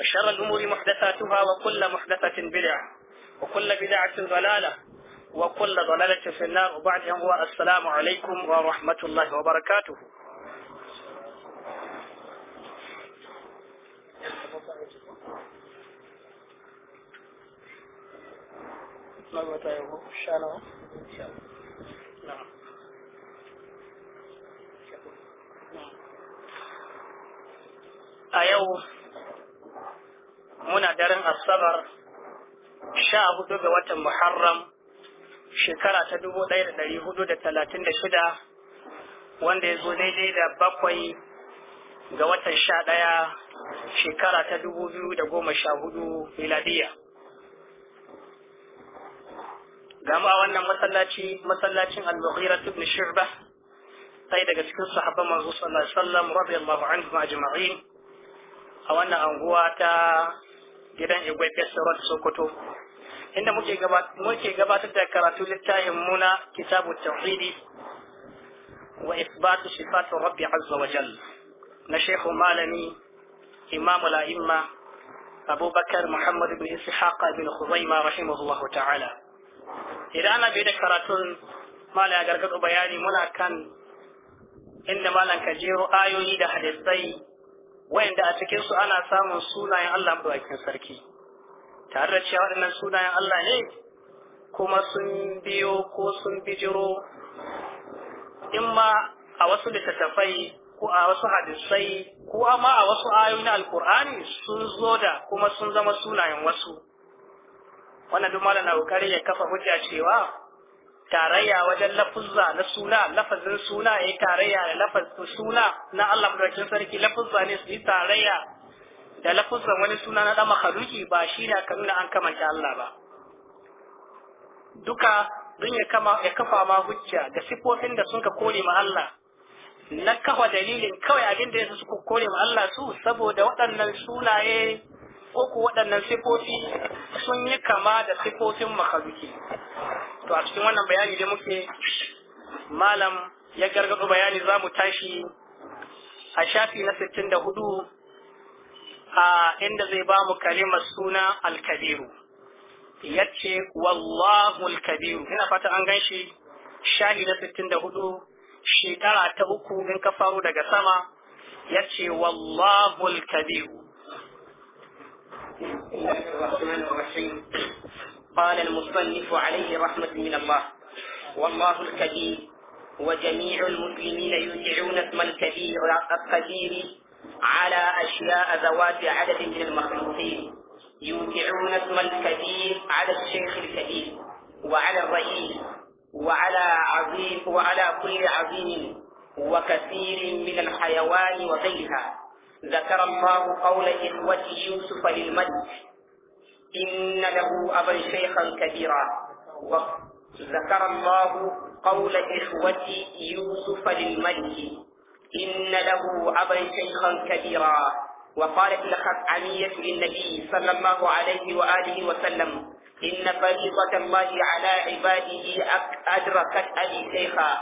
وشر الأمور محدثاتها وكل محدثة بدعة وكل بدعة ضلالة وكل ضلالة في النار وبعد هو السلام عليكم ورحمة الله وبركاته نعم a yau muna daren asabar sha hudu ga watan muharram shekara ta dubu ɗaya da ɗari hudu da talatin da shida wanda ya zo daidai da bakwai ga watan sha ɗaya shekara ta dubu biyu da goma sha hudu miladiya gama wannan masallaci masallacin al-mughira ibn Shirba, sai daga cikin sahabban manzo sallallahu alaihi wasallam radiyallahu anhu ajma'in a wannan anguwa ta gidan igwe Road Sokoto inda muke gabatar da karatu littafin muna kitabu tauhidi wa isbatu sifatu rabbi azza wa jal na shehu malami imam la'imma abubakar muhammad bin ishaq bin khuzaima rahimahullahu ta'ala idan ana bai da karatun mala ya gargado bayani muna kan inda malan ka ayoyi da hadisai wayanda a cikin su ana samun sunayen Allah madaukakin sarki tare da cewa waɗannan sunayen Allah ne kuma sun biyo ko sun bijiro in ma a wasu littattafai ko a wasu hadisai ko amma a wasu ayoyi na alkur'ani sun zo da kuma sun zama sunayen wasu wannan duk malam na ya kafa hujja cewa tarayya wajen lafuzza na suna lafazin suna ya tarayya da lafazin suna na Allah madaukakin sarki lafuzza ne su yi tarayya da lafuzzan wani suna na dama haruki ba shi na kan kanuna an kamanta Allah ba duka don ya kama ya kafa ma hujja da sifofin da sun ka kore ma Allah na kafa dalilin kawai abin da yasa suka kone ma Allah su saboda waɗannan sunaye ko ku waɗannan sifofi sun yi kama da sifofin makaruki to a cikin wannan bayani da muke malam ya gargaɗo bayani za mu tashi a shafi na sittin a inda zai ba mu kalimar suna alkabiru yace wallahu alkabiru ina fata an gan shi shahi na sittin shekara ta uku in ka faru daga sama ya yace wallahu alkabiru بسم الله الرحمن الرحيم قال المصنف عليه رحمة من الله والله الكبير وجميع المسلمين يجعون اسم الكبير القدير على أشياء ذوات عدد من المخلوقين يوقعون اسم الكبير على الشيخ الكبير وعلى الرئيس وعلى عظيم وعلى كل عظيم وكثير من الحيوان وغيرها ذكر الله قول إخوة يوسف للمد إن له أبا شيخا كبيرا ذكر الله قول إخوة يوسف للمد إن له أبا شيخا كبيرا وقالت الخطعمية للنبي صلى الله عليه وآله وسلم إن فريضة الله على عباده أدركت أبي شيخا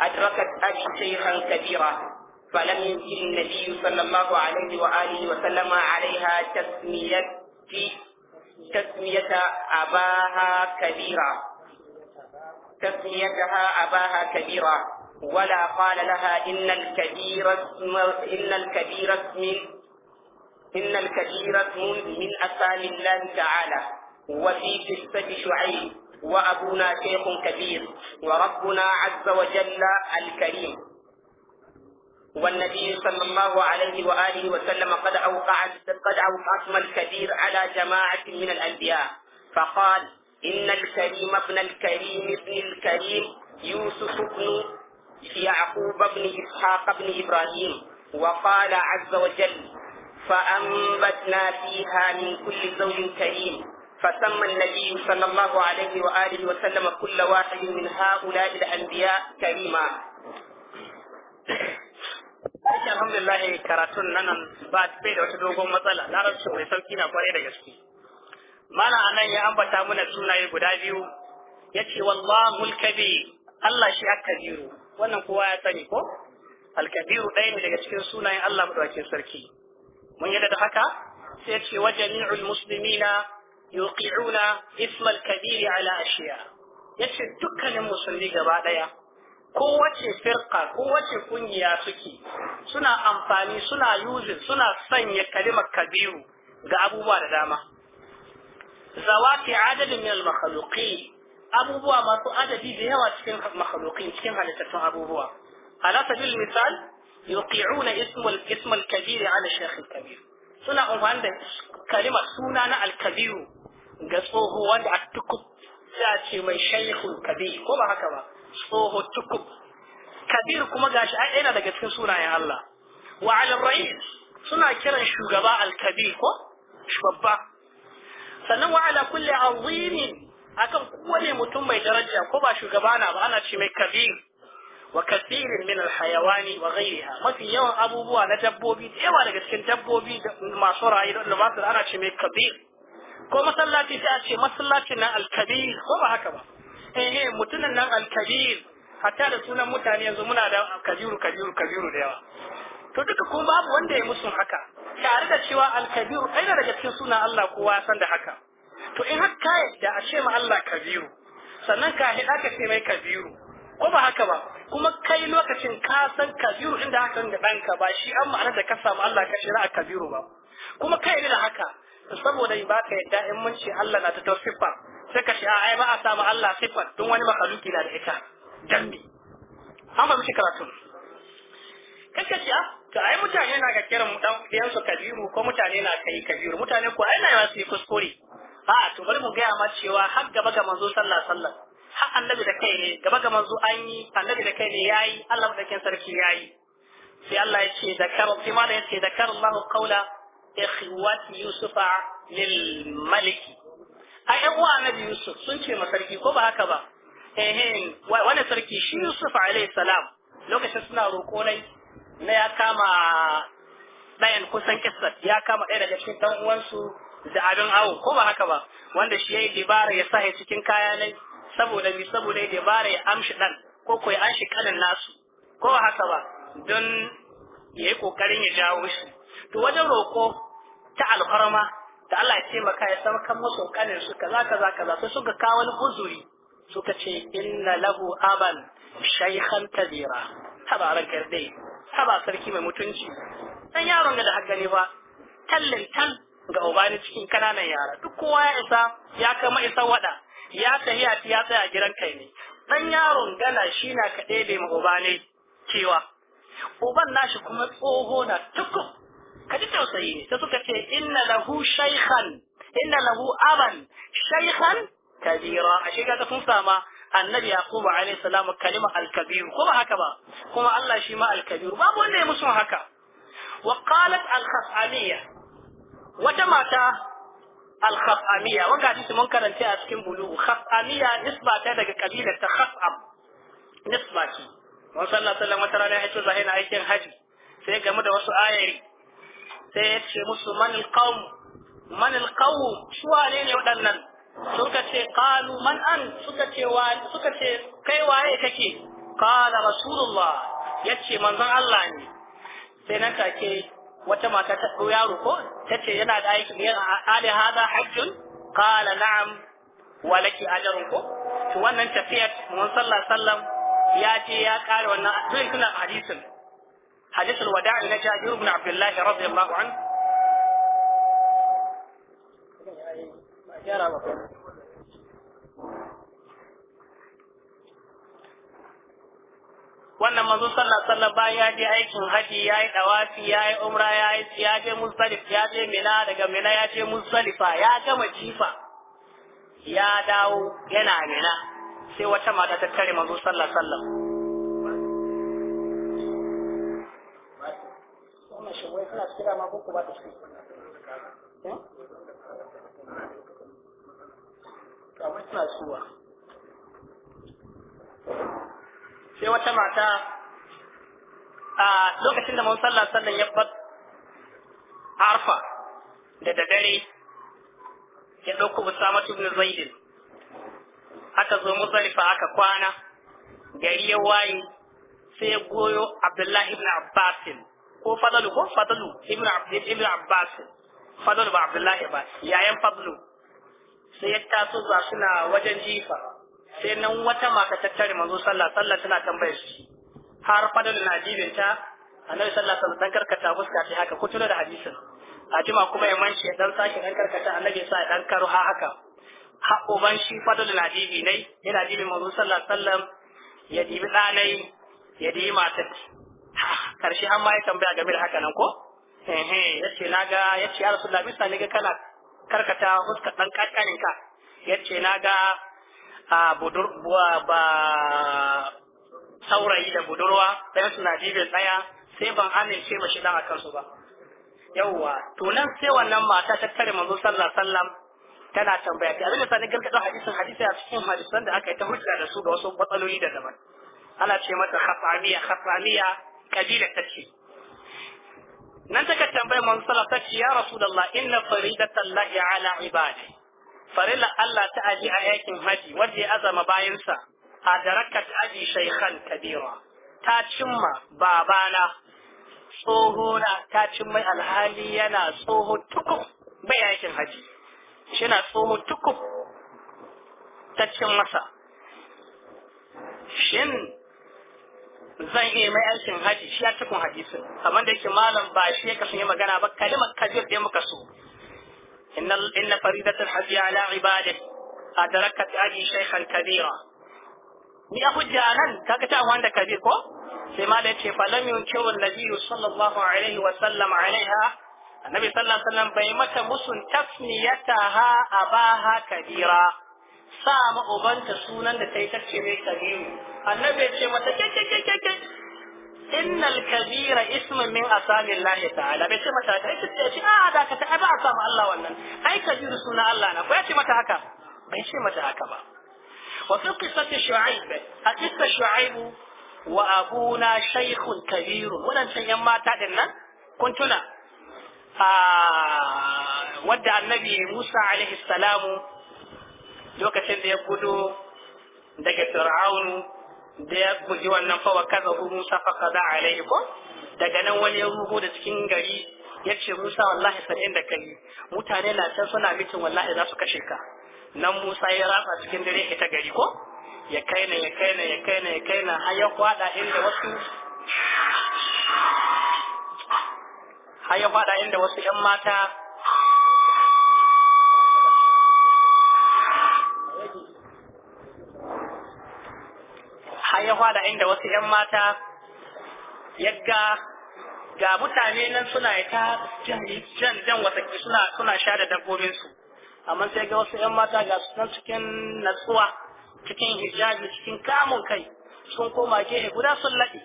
أدركت أبي شيخا كبيرا فلم يمكن النبي صلى الله عليه وآله وسلم عليها تسمية تسمية أباها كبيرة تسميتها أباها كبيرة ولا قال لها إن الكبير اسم إن الكبير اسم إن الكبير اسم من أسامي الله تعالى وفي قصة شعيب وأبونا شيخ كبير وربنا عز وجل الكريم والنبي صلى الله عليه وآله وسلم قد أوقع قد أوقعتم الكبير على جماعة من الأنبياء فقال إن الكريم ابن الكريم ابن الكريم يوسف بن يعقوب بن إسحاق بن إبراهيم وقال عز وجل فأنبتنا فيها من كل زوج كريم فسمى النبي صلى الله عليه وآله وسلم كل واحد من هؤلاء الأنبياء كريما Aiki alhamdulillah karatun nan ba sai da wata dogon matsala larabci mai sauki na kwarai da gaske. Mala anan ya ambata mana sunaye guda biyu ya ce wallahul kabir Allah shi kabiru wannan kowa ya sani ko? Alkabiru ɗaya ne daga cikin sunayen Allah maɗaukin sarki. Mun yadda da haka sai ce wa jami'ul muslimina yuqi'una ismal kabiri ala ashiya. Yace dukkanin musulmi gaba ɗaya kowace firka kowace kungiya suke suna amfani suna yuzin suna sanya kalimar kabiru ga abubuwa da dama zawati adadin min makhluqi abubuwa masu adadi da yawa cikin makhluqin cikin halittattun abubuwa ala sabil misal yuqi'una ism al al kabir ala shaykh al kabir suna amfani da kalimar suna na al kabiru ga tsoho wanda a tukut sai a ce mai shaykhul kabir ko ba haka ba tsoho tukub kabir kuma gashi ai yana daga cikin sunayen Allah wa al rais suna kiran shugaba al kabir ko shugaba sannan wa ala kulli azimin akan kowane mutum mai daraja ko ba shugaba na ba ana ce mai kabir wa kasirin min alhayawani wa ghayriha mafi yawan abubuwa na dabbobi da yawa daga cikin dabbobi masu rayuwa da masu ana ce mai kabir ko masallaci sai a ce masallacin na alkabir ko ba haka ba ehe mutumin nan alkabir hatta da sunan mutane yanzu muna da kabiru kabiru kabiru da yawa to duka kuma babu wanda ya musu haka tare da cewa alkabiru kai da daga cikin sunan Allah kowa san da haka to in haka da a ce ma Allah kabiru sannan ka hida ka ce mai kabiru ko ba haka ba kuma kai lokacin ka san kabiru inda haka da ɗanka ba shi an ma'anar da ka samu Allah ka shira a kabiru ba kuma kai da haka saboda ba ka yadda in mun ce Allah na ta tausifa sai ka ce a ai ba a samu Allah sifar don wani makaluki na da ita dan me an ba mishi karatu kaka ce a ah, to ai mutane na ga kiran dan ɗayan kabiru ko mutane na kai kabiru mutane ko ai na yi wasu kuskure a to bari mu gaya ma cewa har gaba ga manzo sallah sallah har annabi da kai ne gaba ga manzo an yi annabi da kai ne yayi Allah madakin sarki yayi sai Allah ya ce da karu sai ma da ya ce da karu Allah qawla ikhwati yusufa lil maliki a ƴan uwa na Yusuf sun ce ma sarki ko ba haka ba eh wani sarki shi Yusuf alayhi salam lokacin suna roƙonai na ya kama ɗayan kusan kissar ya kama ɗaya daga cikin ɗan uwansu da abin awo ko ba haka ba wanda shi yayi dibara ya sahi cikin kaya ne saboda bi saboda ya dibara ya amshi dan ko ko ya amshi kanin nasu ko ba haka ba don yayi kokarin ya jawo shi to wajen roƙo ta alfarma da Allah ya taimaka ya saka musu kanin su kaza kaza kaza sai suka kawo wani uzuri suka ce inna lahu aban shaykhan kabira haba ran karde haba sarki mai mutunci dan yaron da haka ne ba tallin tal ga ubani cikin kananan yara duk kowa ya isa ya kama isa wada ya tafi ya tsaya gidan kai ne dan yaron gana shi na kaɗai bai ma ubani cewa uban nashi kuma tsoho na tukub ka ji tausayi ne sai suka ce inna lahu shaykhan inna lahu aban shaykhan kabira a shi kaga sun sama annabi yaqubu alaihi salam kalima al-kabir ko ba haka ba kuma Allah shi ma al-kabir babu wanda ya musu haka wa qalat al-khafamiyya wata mata al-khafamiyya wanda hadisi mun karanta a cikin bulugu khafamiyya nisba ta daga kabilar ta khafam nisba ki wannan sallallahu alaihi wasallam wata rana ya ce na aikin haji sai game da wasu ayari sai ya ce musu man alqawm man alqawm su wane ne waɗannan suka ce qalu man an suka ce suka ce kai waye kake qala rasulullah yace manzon Allah ne sai nan take wata mata ta ɗau yaro ko ta ce yana da aikin yana ali hada hajjun qala na'am wa laki ajrun ko wannan tafiyar mun sallallahu alaihi wasallam ya ce ya kare wannan duk kuna hadisin hadisul wada'i na Jabir ibn Abdullah radiyallahu anhu wannan manzo sallallahu alaihi bayan ya je aikin haji ya yi dawafi ya yi umra ya yi ya je musdalif ya je mina daga mina ya je musdalifa ya gama jifa ya dawo yana mina sai wata mata ta kare manzo sallallahu alaihi ta ma ba ta suna eh? suwa sai wata mata a lokacin da mun sallah sallan ya bar da da dare ya ɗauko Usamatu ibn Zaidin aka zo Muzdalifa aka kwana gari ya waye sai ya goyo Abdullahi ibn Abbasin ko fadalu ko fadalu ibn ibnu abbas fadalu ba abdullahi ba yayan fadlu sai ya taso zuwa suna wajen jifa sai nan wata maka tattare manzo sallah sallah tana tambayar shi har fadalu na jibinta annabi sallah sallah dan karkata fuska ta haka ko tuna da hadisin jima kuma ya manshi dan sake dan karkata annabi sa ya dan karo ha haka ha uban shi fadalu na jibi ne yana jibin manzo sallah Sallah, ya dibi ɗanai ya dibi matar karshe an ma ya tambaya game da haka nan ko ehe yace naga yace ya rasulullahi bisa ne ga kana karkata huska dan kankanin ka yace naga a budur ba saurayi da budurwa dan suna jibe tsaya sai ban amince mashi dan akan su ba yawwa to nan sai wannan mata ta tare manzo sallallahu alaihi wasallam tana tambaya ta abinda sanin gargado hadisin hadisi a cikin hadisan da aka yi ta hujja da su ga wasu matsaloli da daban ana ce mata khafamiya khafamiya kabila ta ce nan take tambayar manzo sallallahu alaihi wasallam ya rasulullah inna faridatallahi ala ibadi farilla Allah ta aji a yakin haji wanda ya azama bayansa a darakat aji shaykhan kabira ta cimma babana tsoho na ta cimma alhali yana tsoho tukuf bai yakin haji shi na tsoho tukuf ta cin masa shin zan iya mai aikin haji shi ya cikin hadisin amma da yake malam ba shi ya kasance magana ba kalimar kabir da muka so inna faridatul hajji ala ibadah adrakat abi shaykhan kabira ni a hujja nan kaga ta wanda kabir ko sai ma da yace falam yunkiru an-nabi sallallahu alaihi wa sallam alaiha annabi sallallahu alaihi sallam bai mata musun tasniyataha abaha kabira sa ma ubanta sunan da ta yi tace mai kabiru annabi ce mata kekekekeke innal kabira ismun min asami Allah ta'ala bai ce mata haka ita ce a da ka ta ba a samu Allah wannan ai kabiru suna Allah na ko ya ce mata haka bai ce mata haka ba wa fi qissati shu'aib a qissa shu'aib wa abuna shaykhun kabirun wannan can yan mata din nan kun tuna a wadda annabi Musa alaihi salamu lokacin da ya gudu daga Fir'aunu da ya bugi wannan fawa kaza hu Musa fa qada alaihi ko daga nan wani ya ruho da cikin gari ya ce Musa wallahi sanin da kai mutane na can suna mitin wallahi za su kashe ka nan Musa ya ratsa cikin dare ita gari ko ya kaina ya kaina ya kaina ya kaina har ya kwada inda wasu har ya kwada inda wasu ƴan mata ya fada inda wasu 'yan mata yagga ga mutane nan suna ta jan jan wata suna suna sha da dabbobinsu amma sai ga wasu 'yan mata ga nan cikin natsuwa cikin hijabi cikin kamun kai sun koma gehe guda sun laɗe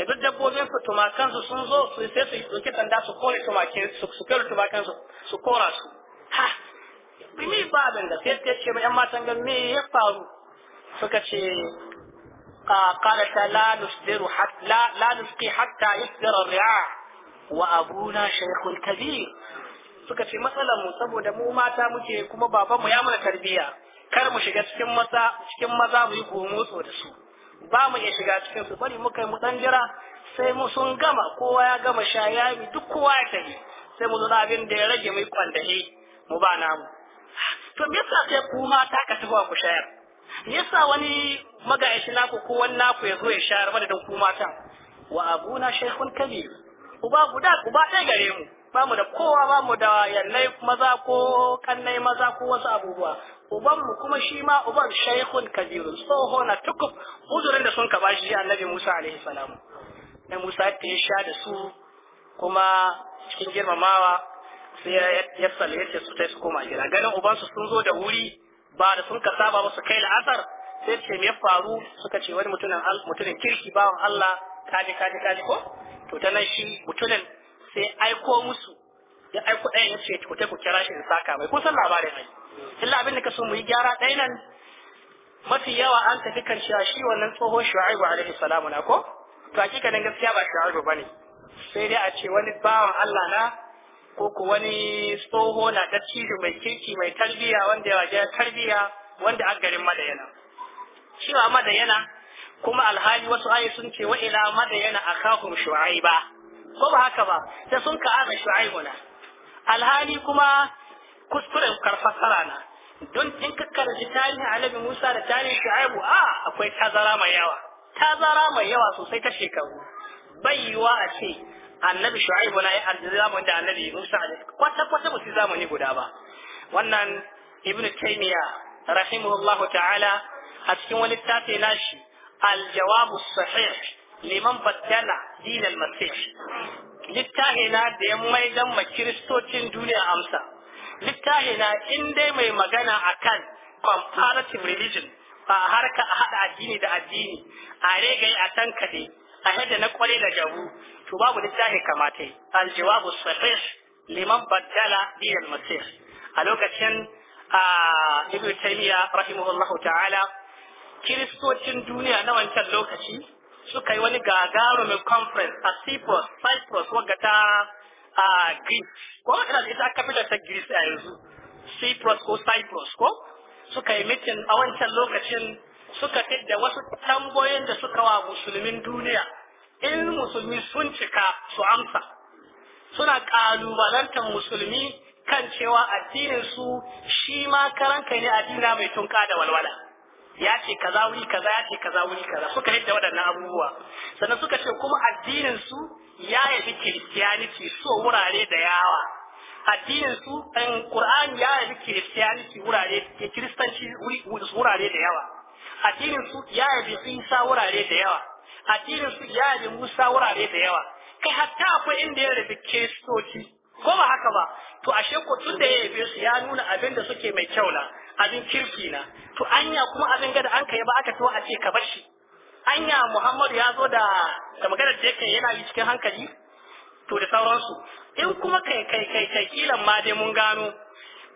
da duk dabbobinsu tumakansu sun zo su sai su ɗauki sanda su kore tumakansu su kore tumakansu su kora su ha ni ba abin da sai ce ma 'yan matan ga me ya faru suka ce قال لا نصبر حتى لا, لا نسقي حتى يصبر الرعاع وابونا شيخ كبير suka ce matsalar mu saboda mu mata muke kuma baban mu ya mana karbiya. kar mu shiga cikin maza cikin maza mu yi gomotso da su ba mu iya shiga cikin su bari muka kai mu dan jira sai mu sun gama kowa ya gama shayami duk kowa ya tafi sai mu zuna abin da ya rage mu kwandahi mu ba namu to me yasa sai ku mata ka tafi ku shayar yasa wani magayashi naku ko wani naku ya zo ya shayar da ku ta wa abuna shaykhun kabir uba guda uba ɗaya gare mu ba mu da kowa ba mu da yannai maza ko kannai maza ko wasu abubuwa uban mu kuma shi ma uban shaykhun kabir tsoho na tukuf, huzurin da sun kaba shi annabi Musa alaihi salam na Musa ta ya sha da su kuma cikin girmamawa sai ya sallaya su ta su koma gida ganin ubansu sun zo da wuri ba da sun ka saba ba su kai la'asar sai ce me faru suka ce wani mutumin mutumin kirki wa Allah kaji kaji kaji ko to ta nan shi mutumin sai aiko musu ya aiko ɗayan ya ce ku ta ku kira shi in saka mai kusan labarin ne? illa abin da ka so mu yi gyara ɗaya nan mafi yawa an tafi kan cewa shi wannan tsohon shu'aibu alaihi salamu na ko to hakikanin gaskiya ba shu'aibu bane sai dai a ce wani bawan Allah na ko ko wani tsoho na ta mai kirki mai tarbiya wanda ya waje tarbiya wanda a garin madayana cewa madayana kuma alhali wasu ayi sun ce wa ila madayana akahum shu'aiba ko ba haka ba sai sun ka ana shu'aibuna alhali kuma kuskuren karfasara na don in ka karanci tarihin alabi Musa da tarihin Shu'aibu a akwai tazara mai yawa tazara mai yawa sosai ta shekaru bai yiwa a ce annabi shu'aibu na yi zamanin da annabi musa kwata kwata ba su zamani guda ba wannan ibnu taymiya rahimahullahu ta'ala a cikin wani tafi nashi al-jawabu sahih liman baddala din al-masih littahi na da ya maidan ma kiristocin duniya amsa littahi na in dai mai magana akan comparative religion ba harka a haɗa addini da addini a regaye a tankade. a yadda na kwale da jabu to babu littafi kamata al jawabu sahih liman baddala al masir a lokacin a ibnu taymiya rahimahullah ta'ala kiristocin duniya na wancan lokaci suka yi wani gagarumin conference a cyprus cyprus wadda ta a greece ko wadda da ita capital ta greece a yanzu cyprus ko cyprus ko suka yi mitin a wancan lokacin suka da wasu tambayoyin da suka wa musulmin duniya in musulmi sun cika su amsa suna kalubalantar musulmi kan cewa addinin su shi ma kai ne addina mai tunka da walwala ya ce kaza wuri kaza ya ce kaza wuri kaza suka yadda waɗannan abubuwa sannan suka ce kuma addinin su ya yabi kiristiyaniti so wurare da yawa addinin su ɗan ƙur'ani ya yabi kiristiyaniti wurare kiristanci wurare da yawa A cikin su ya yabi Isa wurare da yawa A cikin su ya yabi Musa wurare da yawa kai hatta akwai inda ya rabi kiristoci ko ba haka ba to ashe ko tun da ya yabe su ya nuna abin da suke mai kyau na abin kirki na to anya kuma abin gada an kai ba aka to a ce ka bar shi anya Muhammadu ya zo da da maganar da yake yana yi cikin hankali to da sauransu in kuma kai kai kai kai kilan ma dai mun gano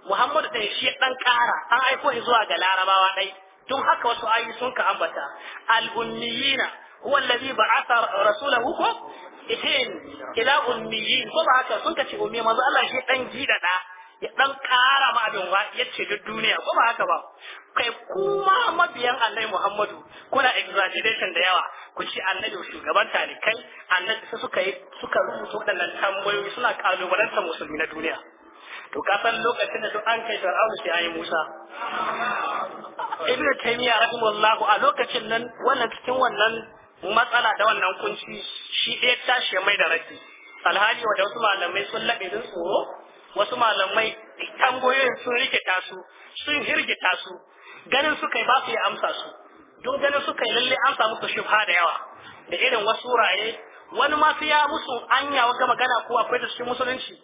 Muhammadu dai shi ɗan kara an aiko shi zuwa ga larabawa dai. Tun haka wasu ayi sun ka ambata al-ummiyina huwa alladhi ba'atha rasulahu ko ihin ila ummiyin ko ba haka sun ka ce ummi manzo Allah shi dan gida da ya dan kara ma abin wa yace duk duniya ko ba haka ba kai kuma mabiyan annabi Muhammadu kuna exaggeration da yawa ku ci annabi shugaban talikai annabi su suka yi suka rubuta waɗannan tambayoyi suna kalubalantar musulmi na duniya to ka san lokacin da duk an kai Fir'aunu sai yi Musa ibn taymiya rahimahullahu a lokacin nan wannan cikin wannan matsala da wannan kunci shi ɗaya tashi mai da raki alhali wa da wasu malamai sun laɓe sun tsoro wasu malamai tambayoyin sun rikita su sun hirgita su ganin suka yi ba su yi amsa su don ganin suka yi lalle an samu su shubha da yawa da irin wasu wurare wani ma su ya musu anya gama magana ko akwai da cikin musulunci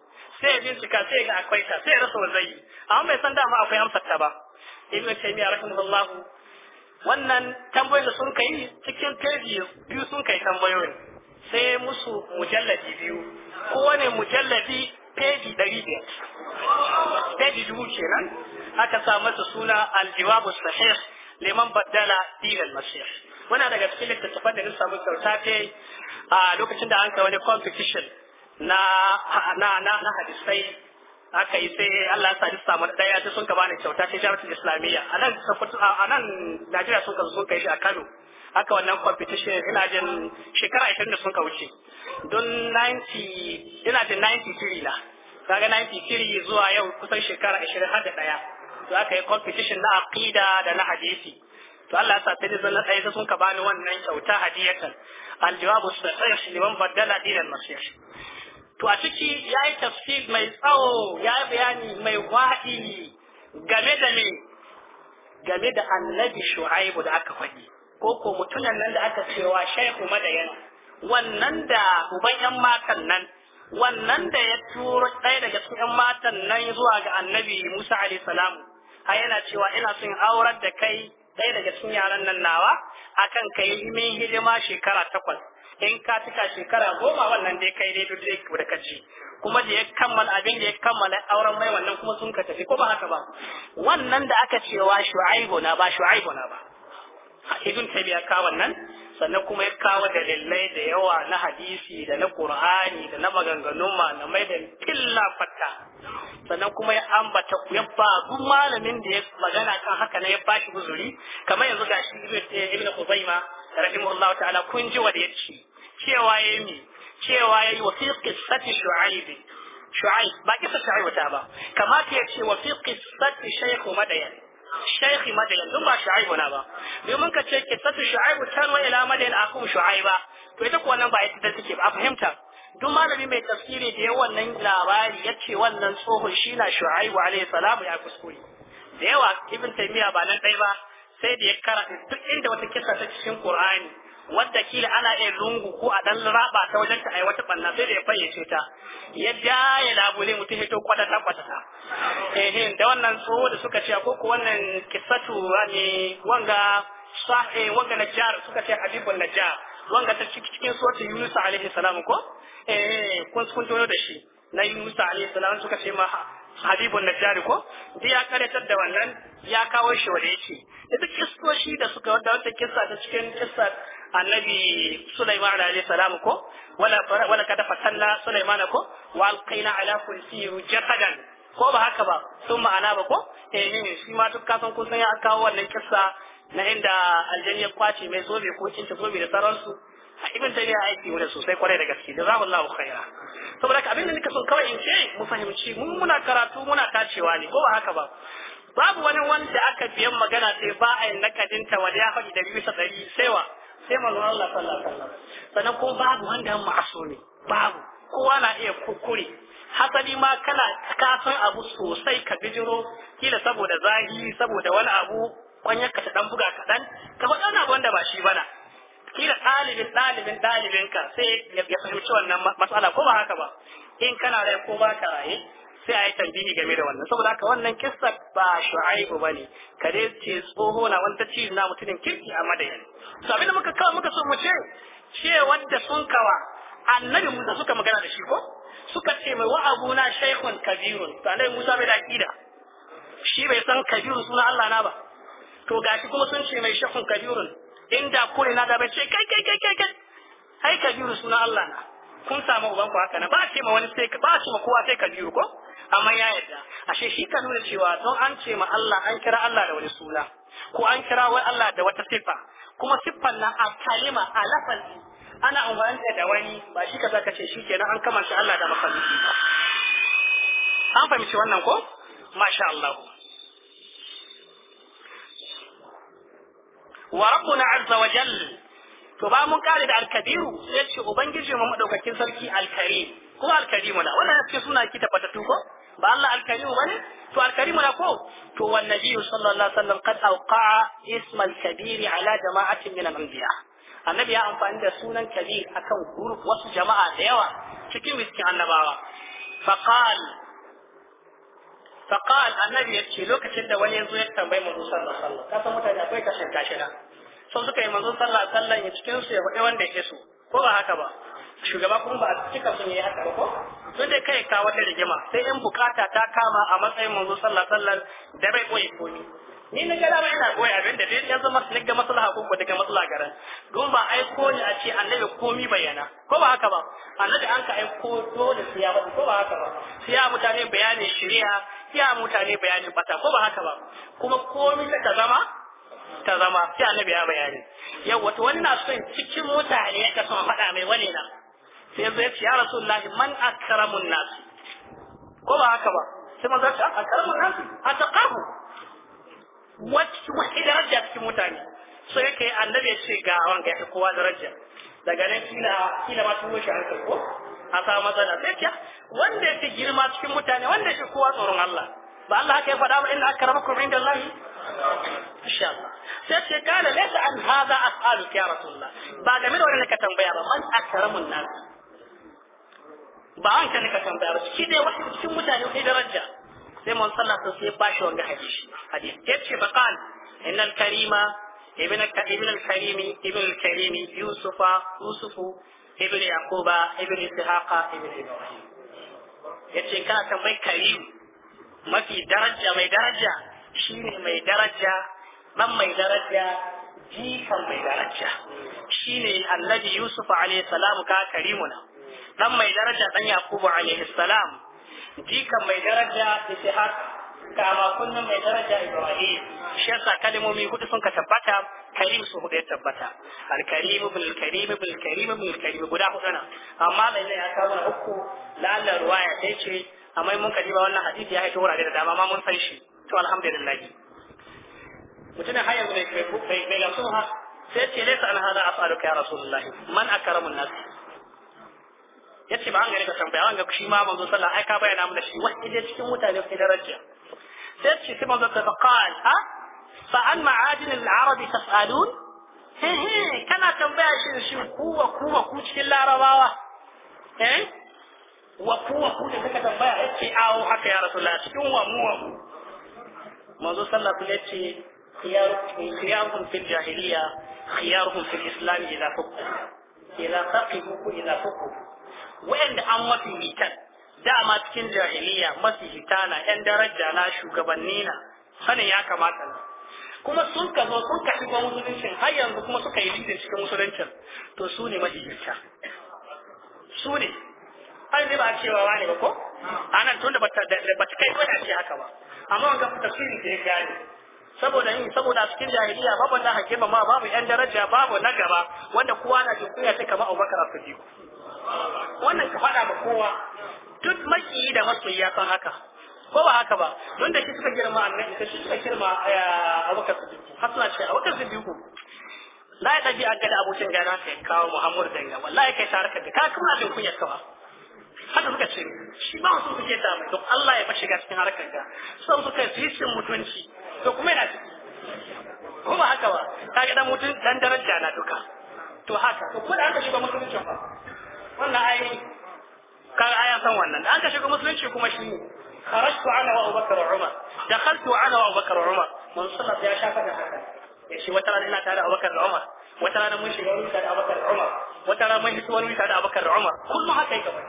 sai ya bincika sai ga akwai ta sai ya rasa wanda yi amma bai san dama akwai amsar ta ba ibn taymiya rahimahullahu wannan tambayoyin da sun kai cikin teji biyu sun kai tambayoyin sai musu mujalladi biyu Ko kowane mujalladi teji ɗari biyar teji dubu kenan aka sa masa suna aljiwabu sahih liman baddala dinar masir muna daga cikin littattafan da nisa mun kyauta ce a lokacin da an kai wani competition na na na hadisai aka yi sai Allah ya sadi samu da ya ta sun ka bani kyauta ta jami'ar islamiyya a nan a nan Najeriya sun ka sun kai shi a Kano aka wannan competition ina jin shekara 20 da sun ka wuce don 90 ina jin 93 na kaga 93 zuwa yau kusan shekara 20 har da daya to aka yi competition na aqida da na hadisi to Allah ya sa sai zan sai sun ka bani wannan kyauta hadiyatan aljawabu sahih liman badala dinan masih to a ciki ya yi tafsir mai tsawo ya yi bayani mai waɗi game da ne game da annabi shu'aibu da aka faɗi ko ko mutunan nan da aka cewa shaihu madayan wannan da uban yan matan nan wannan da ya turo ɗaya daga cikin yan matan nan zuwa ga annabi musa alayhi salamu a yana cewa ina son aurar da kai ɗaya daga cikin yaran nan nawa akan kai min hidima shekara takwas in ka cika shekara goma wannan dai kai dai duk da kaci kuma da ya kammala abin da ya kammala auren mai wannan kuma sun ka tafi ko ba haka ba wannan da aka cewa shu'aibu na ba shu'aibu na ba ibn tabiya ka wannan sannan kuma ya kawo dalilai da yawa na hadisi da na qur'ani da na maganganun ma na mai da killa fatta sannan kuma ya ambata ya ba duk malamin da ya magana kan haka na ya bashi huzuri. kamar yanzu gashi ibnu eh, Qubayma rahimahullahu ta'ala kun ji wanda yace cewa yayi mi cewa yayi wa fi qissati shu'aib shu'aib ba kisa shu'aib ta ba kamata yace wa fi qissati shaykh madayan shaykh madayan dun ba shu'aib na ba domin ka ce qissatu shu'aib tan wa ila madayan akum shu'aiba to ita ko nan ba ita take ba a fahimta duk malami mai tafsiri da yawan nan labari ya ce wannan tsohon shi na shu'aibu alaihi salamu ya kuskure da yawa ibn taymiya ba nan dai ba sai da ya karanta duk inda wata kissa ta cikin qur'ani wadda kila ana iya lungu ko a dan raba ta wajen ta aiwata banna sai da ya fayyace ta ya daya labule mutum hito kwatata kwatata eh da wannan tsoho da suka ce ko ko wannan kissatu ne wanga sahi eh, wanga najjar suka ce habibun najjar wanga ta cikin suratul yunus alaihi salamu ko eh ko sun tono da shi na Musa alaihi salam suka ce ma Habibun Najjar ko duk ya karatar da wannan ya kawo shi wanda yake ita kistoshi da suka wata wata kissa ta cikin kissa annabi Sulaiman alaihi salam ko wala wala kada fatalla Sulaiman ko wa qaina ala kulli jahadan ko ba haka ba sun ma'ana ba ko eh ne shi ma duk kasan kun san ya kawo wannan kissa na inda aljan ya kwace mai zobe ko cinta zobe da sauransu ibn ya aiki wurin sosai kwarai da gaske jazakallahu khaira saboda haka da nika son kawai in ce mu fahimci mun muna karatu muna tacewa ne ko ba haka ba babu wani wanda aka biyan magana sai ba a yin nakadinta wanda ya faɗi dari bisa dari sai wa sai manzon Allah sallallahu alaihi wasallam sannan ko babu wanda ya ne, babu kowa na iya kukuri hasali ma kana kasan abu sosai ka bijiro kila saboda zahiri saboda wani abu kwanyar ka ta dan buga kaɗan ka faɗa abu wanda ba shi bana kila ɗalibin ɗalibin ɗalibinka sai ya fahimci wannan matsala ko ba haka ba in kana rai ko ba ka raye sai a yi tambihi game da wannan saboda haka wannan kissa ba shu'aibu bane kare ce tsoho na wani taci na mutumin kirki a madayin to abinda muka kawo muka so mu ce ce wanda sun kawa annabi Musa suka magana da shi ko suka ce mai wa na shaykhun kabirun to annabi Musa bai da kida shi bai san Kabiru suna Allah na ba to gashi kuma sun ce mai shaykhun kabirun inda kure na da bace ce kai kai kai kai kai ka kabiru suna Allah na kun samu uban ku haka na ba ce ma wani sai ba ce ma kowa sai kabiru ko amma ya yadda ashe shi ka nuna cewa don an ce ma Allah an kira Allah da wani suna ko an kira wai Allah da wata siffa kuma siffan nan a kalima a lafazi ana umarin da wani ba shi ka ka ce shi kenan an kamanta Allah da makhluki an fahimci wannan ko masha Allah wa rabbuna azza wa jalla to ba mun kare da alkabiru sai ce ubangiji mu madaukakin sarki alkarim kuma alkarimu na wannan cikin suna ki tabbatattu ko ba Allah alkarimu bane to alkarimu na ko to wa nabiyyu sallallahu alaihi wasallam qad awqa'a isma alkabir ala jama'atin min al-anbiya annabi ya amfani da sunan kabir akan group wasu jama'a da yawa cikin miskin annabawa faqal faqal annabi yace lokacin da wani yazo ya tambayi manzo sallallahu alaihi wasallam kasan mutane akwai kashin kashina Sun suka yi manzo sallallahu alaihi wasallam ya cikin su ya faɗi wanda yake so ko ba haka ba shugaba kuma ba a cika sun yi haka ba ko sun dai kai ka wata rigima sai in bukata ta kama a matsayin manzo sallallahu alaihi wasallam da bai koyi koyi ni na ga dama ina koyi abin da ya zama ni ga maslaha ko daga maslaha garin. don ba aiko ni a ce annabi komi bayyana ko ba haka ba annabi an ka aiko dole su ya ko ba haka ba sai ya mutane bayanin shari'a gaskiya mutane bayanin bata ko ba haka ba kuma komai ta zama ta zama sai annabi ya bayani yawa to wani na son cikin mutane ya son faɗa mai wani na sai zai ce ya rasulullahi man akramun nas ko ba haka ba sai manzo ce akramun nas ataqahu wacce wacce daraja cikin mutane so yake annabi ya ce ga wanga ya kowa daraja daga nan kila kila ma tun wuce hankali ko a samu matsala sai ce wanda yake girma cikin mutane wanda yake kowa tsoron Allah ba Allah haka ya faɗa ba inna akramakum inda Allah insha Allah sai ce kana laysa an hadha as'aluk ya rasulullah ba game da wannan ka tambaya ba man akramun nas ba an ka tambaya ba shi dai wani cikin mutane kai daraja sai mun sallah sai sai bashi wanga hadisi hadisi ce ba qal innal karima ibn ibn al-karimi ibn al-karimi yusufa yusufu ibn yaquba ibn ishaqa ibn ibrahim yace ka mai karim mafi daraja mai daraja shine mai daraja man mai daraja jikan mai daraja shine annabi yusuf alayhi salam ka karimuna dan mai daraja dan yaqubu alayhi salam jikan mai daraja ishaqa kama kullum mai daraja Ibrahim shi yasa kalmomi hudu sun ka tabbata karim su hudu ya tabbata al-karim ibn al-karim ibn al-karim ibn al-karim guda hudu na amma lalle ya kawo na uku lalla ruwaya sai ce amma mun ka diba wannan hadisi ya haifi wurare da dama ma mun san shi to alhamdulillah mutumin ke yanzu kai bai gamsu ha sai ce laysa an hada as'aluka ya rasulullah man akramun nas yace ba an gare ka tambaya an ga shi ma manzo sallallahu alaihi wasallam ai ka bayyana mana shi wai cikin mutane sai daraja سيرش كما قال ها فأن معادن العرب تسألون هي هي كما تنبأ شيء شيء قوة قوة قوة شيء لا ربا وا ها وقوة إيه؟ قوة كما تنبأ شيء أو إيه؟ آه، حتى يا رسول الله شيء هو مو ما زو صلى الله عليه شيء خيار خيارهم في الجاهلية خيارهم في الإسلام إذا فقوا إذا فقوا إذا فقوا وين أمتي ميتان dama cikin jahiliya masu na yan daraja na shugabanni na sanin ya kamata na kuma sun ka zo sun ka shiga musuluncin har yanzu kuma suka yi lidin cikin musuluncin to su ne mahijirta su ne har ne ba cewa ne ba ko A nan tun da ba ta kai gwada ce haka ba amma wanga su ne ya gane saboda yin saboda cikin jahiliya babu na hakima ma babu yan daraja babu na gaba wanda kowa na jin kunya sai kamar Abubakar a wannan ka faɗa ma kowa duk maki da masoyi ya san haka ko ba haka ba don da shi suka girma annabi ka shi suka girma abubakar siddiqu har suna ce abubakar siddiqu la ya dabi an gada abokin gana ka kawo muhammadu da danga wallahi kai tare ka ka kuma abin kunya kawa haka suka ce shi ba su suke da mai don Allah ya shiga cikin harkar ga sau suka yi cin mutunci to kuma yana ciki ko ba haka ba ga dan mutun dan daraja na duka to haka to ko da haka shi ba mutuncin ba wannan ai kaga aya san wannan an ka shiga musulunci kuma shi ne. kharajtu ana wa Abubakar Umar dakhaltu ana wa Abubakar Umar mun sallah ya shafa da haka ya shi wata rana ina tare da Abubakar da Umar wata rana mun shiga wani tare da Abubakar da Umar wata rana mun shiga wani tare da Abubakar da Umar kullum haka yake bai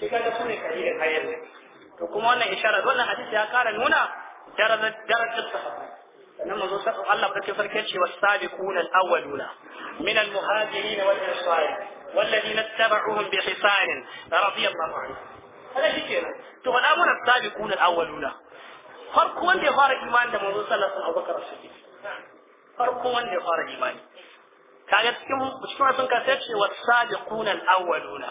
shi kaga sune kalilin hayyan to kuma wannan isharar wannan hadisi ya kara nuna darajar darajar sahabbai sannan manzo sallallahu alaihi wasallam ya ce wasabiquna al-awwaluna min al-muhajirin wal ansar والذين اتبعوهم بحسان رضي الله عنه هذا شيء كنا تو الامر السابقون الاولون farko wanda ya fara imani da manzo sallallahu alaihi wasallam Abubakar Siddiq farko wanda ya fara imani kaga cikin cikin ka sai ce wasabiquna alawwaluna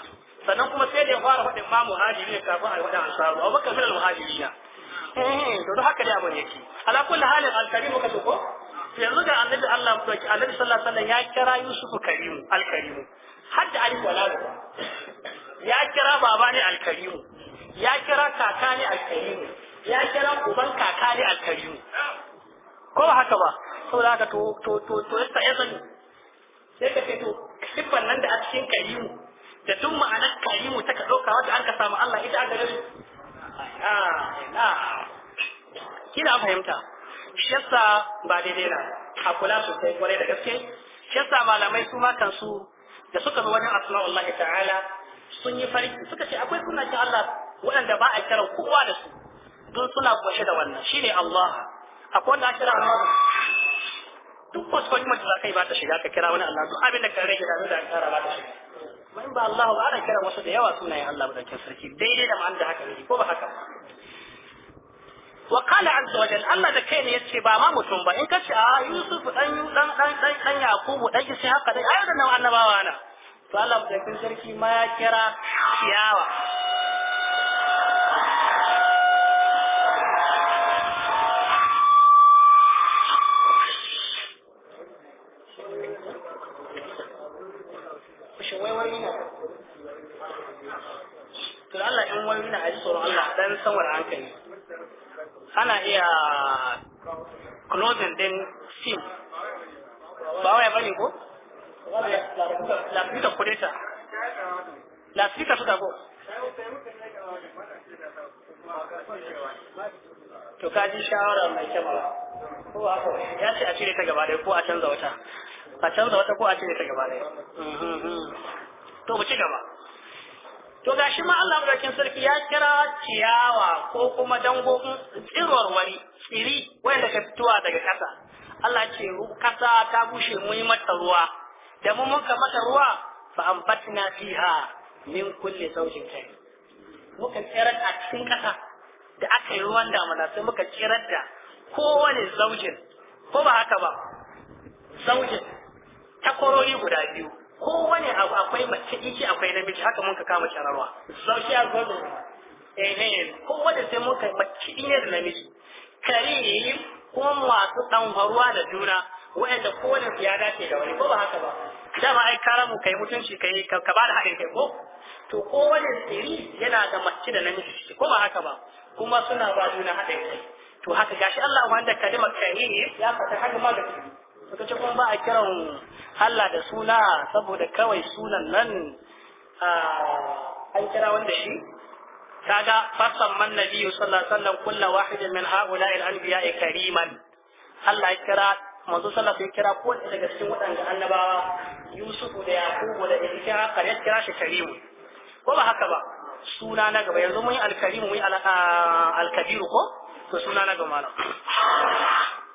sannan kuma sai da fara faɗin ma muhajiri ne kafin a yi wadan ansaru Abubakar min almuhajirina to don haka da abin yake ala kulli halin alkarimu ka ko yanzu ga annabi Allah ku ki annabi sallallahu alaihi wasallam ya kira Yusuf Karim al karim har da Ali wala ya kira baba ne al karim ya kira kaka ne al karim ya kira uban kaka ne al karim ko ba haka ba saboda haka to to to to yasa ya sani sai ka ce to siffar nan da a cikin Karimu da duk ma'anar Karimu ta ka dauka wata an ka samu Allah ita aka gani a ah, na kina fahimta shi ba daidai na a kula sosai kwarai da gaske shi malamai su ma kansu da suka zo wajen asma'ullahi ta'ala sun yi farki suka ce akwai sunakin Allah waɗanda ba a kira kowa da su don suna kwashe da wannan shine Allah akwai wanda a kira Allah duk wasu kalmar da za ka yi ba ta shiga ka kira wani Allah duk abin da ka rage da da kara ba ta shiga in ba Allah ba ana kira wasu da yawa sunayen Allah ba da sarki daidai da ma'an da haka ne ko ba haka ba? wa an azza Allah da kai ne yace ba ma mutum ba in ka ce a ah, Yusuf dan dan dan dan dan Yakubu dan shi haka dai ayyukan annabawa na to Allah da sarki ma ya kira ciyawa ganin fim ba waya bane ko la lafita kudeta lafita suka ko to ka ji shawara mai kyau ko a ko ya ce a cire ta gaba ko a canza wata a canza wata ko a cire ta gaba mhm, mhm. to mu ci gaba to shi ma Allah madaukin sarki ya kira ciyawa ko kuma dango tsirwar wani tsiri wanda ka fitowa daga ƙasa Allah ce ƙasa ta bushe mu yi mata ruwa da mu muka mata ruwa fa ambatna fiha min kulli zawjin kai muka tsira a cikin ƙasa da aka yi ruwan damuna sai muka tsira da kowane zaujin ko ba haka ba zaujin takwarori guda biyu kowane abu akwai mace iki akwai namiji haka mun ka kama shararwa a gordon eh kowane sai muka mace mace ne da namiji karim ko masu dan faruwa da juna wa'anda kowane ya dace da wani ko ba haka ba dama ai karamu kai mutunci kai ka ba da haɗin kai ko to kowane tsiri yana da mace da namiji ko ba haka ba kuma suna ba juna haɗin kai to haka gashi Allah wanda kalimar karim ya fata hannu ma da suka ce kuma ba a kiran Allah da suna saboda kawai sunan nan an kira wanda shi kaga fasan man nabiyyu sallallahu alaihi wasallam kullu wahidin min haula'il anbiya'i kariman Allah ya kira manzo sallallahu alaihi kira ko daga cikin waɗanda annabawa Yusuf da Yakubu da Ilkiya kare kira shi karimu ko ba haka ba suna na gaba yanzu mun yi Al-Karimu mun yi Al-Kabiru ko to suna na gaba malam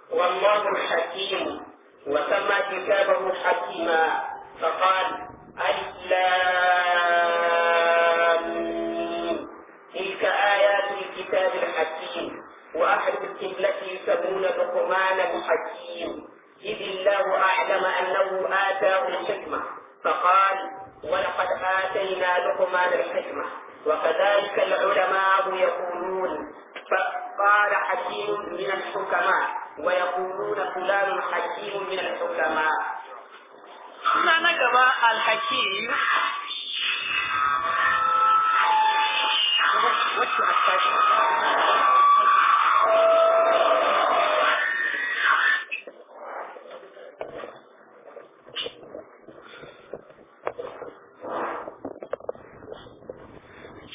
wallahu hakimu وسمى كتابه حكيما فقال الم تلك آيات الكتاب الحكيم وأهل التي يسمون لقمان الحكيم إذ الله أعلم أنه آتاه الحكمة فقال ولقد آتينا لقمان الحكمة وكذلك العلماء يقولون فقال حكيم من الحكماء ويقولون فلان حكيم من الحكماء ما نجم الحكيم وجه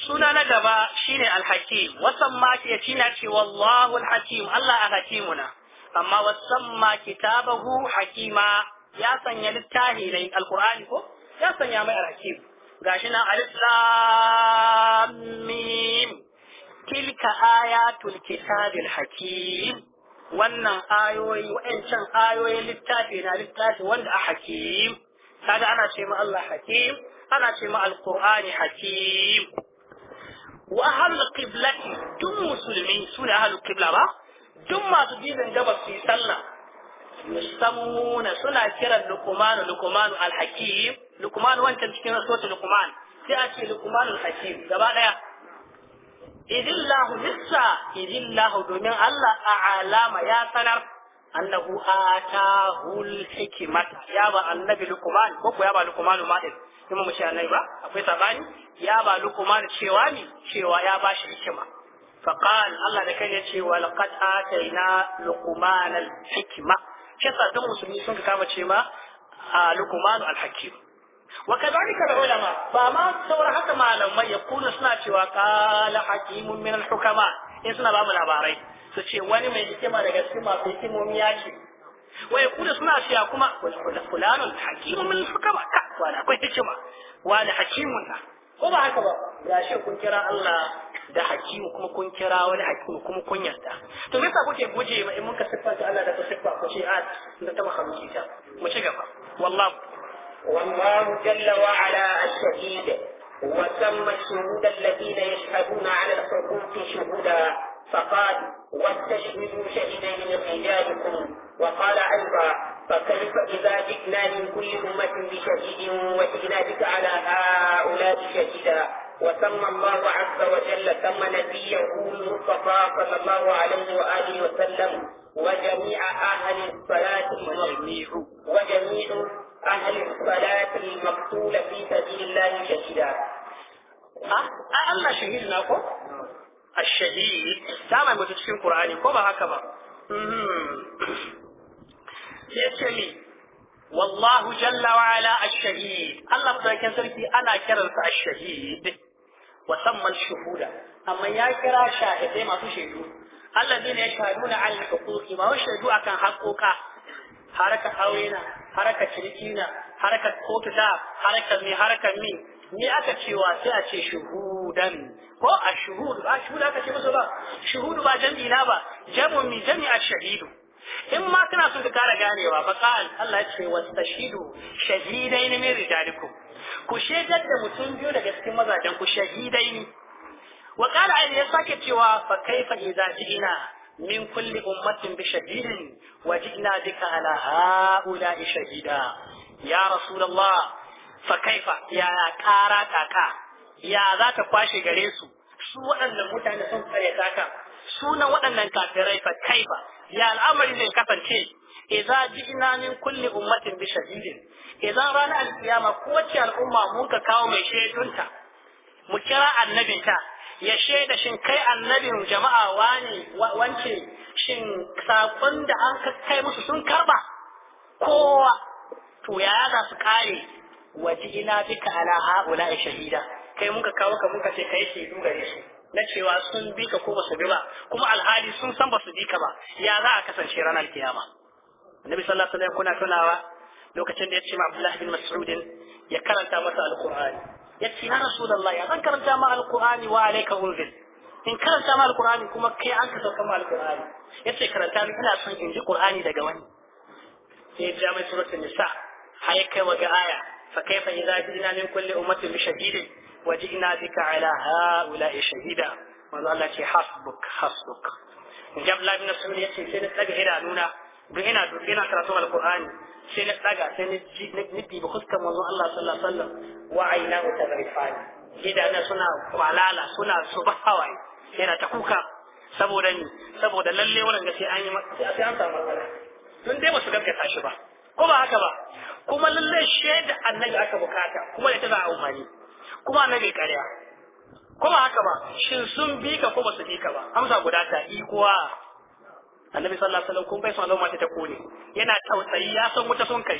suna na gaba shine alhakim wasan ma ke cina ce wallahu alhakim Allah a hakimuna amma wasamma kitabahu hakima ya sanya littafi ne alqur'ani ko ya sanya mai alhakim gashi na alif lam mim tilka ayatul kitabil hakim wannan ayoyi wa'ancan ayoyin littafi na littafi wanda a hakim kaga ana ce ma Allah hakim ana ce ma alqur'ani hakim wa ahlul qiblati tun musulmi su ne ahlul qibla ba duk masu dinin gabas su yi sallah yusammuna suna kiran lukumanu lukumanu alhakim lukumanu wancan cikin rasulun lukuman sai a ce lukumanu alhakim gaba daya idillahu lissa idillahu domin Allah a alama ya sanar annahu atahul hikimata ya ba annabi lukuman ko ko ya ba lukumanu ma din kuma mu annabi ba akwai sabani ya ba lukumanu cewa ni cewa ya ba shi hikima فقال الله da kai yace wa laqad ataina luqman al hikma duk musulmi sun ka ce ma luqman al hakim wa kadhalika al ulama fa ma saura haka malamai yakunu suna cewa qala hakimun min al in suna ba mu labarai su ce wani mai hikima daga cikin masu hikimomi ya ce wa yakunu suna cewa kuma fulanun hakimun min al hukama wani akwai wani na ko ba haka ba ya shi kun kira Allah kuma kun kira wani hakim kuma kun yarda to me yasa kuke guje ma in muka sifa ta Allah da ta sifa ko shi shi'at da ta mahaluki ta mu ci gaba wallahi wallahu jalla wa ala ash-shahid wa tamma shuhud alladhina yashhaduna ala al-huquq shuhuda faqad فقال واستشهدوا min من wa qala ايضا فكيف إذا جئنا من كل أمة بشهيد وجئنا بك على هؤلاء شهيدا وسمى الله عز وجل سمى نبيه المصطفى صلى الله عليه وآله وسلم وجميع أهل الصلاة وجميع وجميع أهل الصلاة المقتول في سبيل الله شهيدا أما شهيد ناكو الشهيد سامع متشفين القرآن كما هكذا يسمي والله جل وعلا الشهيد الله مدركين سركي أنا كررت الشهيد wa sammal shuhuda amma ya kira shahidai masu shaidu Allah ya alladina yashhaduna al huquqi ma shaidu akan haƙoƙa haraka aure na haraka ciniki na haraka kotu ta haraka mi haraka mi ni aka cewa sai a ce shuhudan ko a shuhudu ba shuhudu aka ce musu ba shuhudu ba jam'i na ba jam'u mi jam'i shahidu in ma kana son ka kara ganewa fa qal Allah ya ce wastashidu shahidain min rijalikum ku shegar da mutum biyu daga cikin mazajen ku shahidai wa qala ayi ya sake cewa fa kaifa idza jina min kulli ummatin bi shahidin wa ji'na bika ala haula shahida ya rasulullah fa kaifa ya kara kaka ya za ta kwashe gare su su waɗannan mutane sun kare taka sunan waɗannan kafirai fa kaifa ya al'amari zai kasance idza ji'na min kulli ummatin bi shahidin idza rana al-qiyama kowace al'umma mun ka kawo mai shaidunta mu kira annabinta ya shaida shin kai annabin jama'a wani wance shin sakon da an kai musu sun karba kowa to yaya za su kare waje ina bika ala haula shahida kai muka kawo ka muka ce kai shaidu su na cewa sun bi ka ko ba bi ba kuma al'adu sun san ba bi ka ba ya za a kasance ranar kiyama annabi sallallahu alaihi wasallam kuna tunawa lokacin da ya ce ma Abdullah bin Mas'ud ya karanta masa alqur'ani ya ce ya rasulullah ya zan karanta ma alqur'ani wa alayka unzil in karanta ma alqur'ani kuma kai an ka sauka ma alqur'ani ya ce karanta ni ina son in ji qur'ani daga wani sai ya mai suratul nisa har kai wa ga aya fa kaifa idza jina min kulli ummatin bi shahidin wa ji'na bika ala haula'i shahida manzo Allah ce hasbuk hasbuk Jabla bin Mas'ud ya ce sai na tsaga idanuna don ina ina karatu alqur'ani sai na daga sai na ji na dibi fuskar manzon Allah sallallahu alaihi wasallam wa aina ta zarifani idana suna kwalala suna subawa yana ta kuka saboda ni saboda lalle wannan gaske an yi sai an samu matsala tun dai ba su gaskata shi ba ko ba haka ba kuma lalle shaida annabi aka bukata kuma da ta za a umarni kuma annabi ƙarya ko ba haka ba shin sun bi ka ko ba su bi ka ba amsa guda ta iko. annabi sallallahu alaihi kun bai son al'umma ta kone yana tausayi ya san wuta sun kai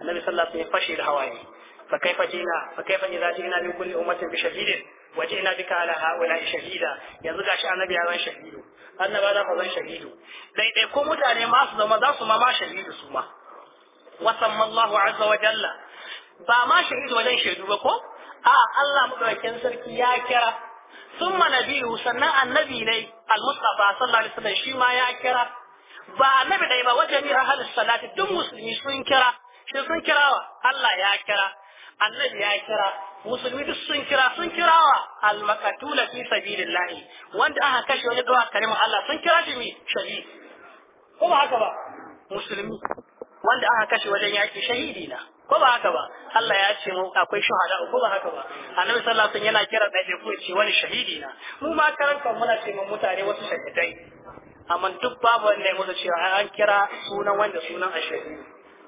annabi sallallahu alaihi wasallam ya fashe da hawaye fa kaifa jina fa kaifa idza jina min kulli ummatin bi shahidin wa jina bika ala haula shahida yanzu gashi annabi ya zan shahidu annaba za ka zan shahidu dai dai ko mutane ma su zama za su ma ma shahidu su ma wa sallallahu azza wa jalla ba ma shahidu wajen shaidu ba ko a Allah madaukakin sarki ya kira sun manabiyu sannan annabi ne al-mustafa sallallahu alaihi wasallam shi ma ya kira ba annabi ɗaya ba wajen yi halin salati duk musulmi sun kira shi sun kirawa Allah ya kira annabi ya kira musulmi duk sun kira sun kirawa al-maqatula fi sabilillah wanda aka kashe wani dawa kalimar Allah sun kira shi mi shahid ko ba haka ba musulmi wanda aka kashe wajen yaki shahidi na ko ba haka ba Allah ya ce mu akwai shuhada ko ba haka ba annabi sallallahu alaihi wasallam yana kira da kuma kuce wani shahidi na mu ma karan kan muna ce mun mutane wasu shahidai amma duk babu wanda ya mutu cewa an kira sunan wanda sunan a ashahidi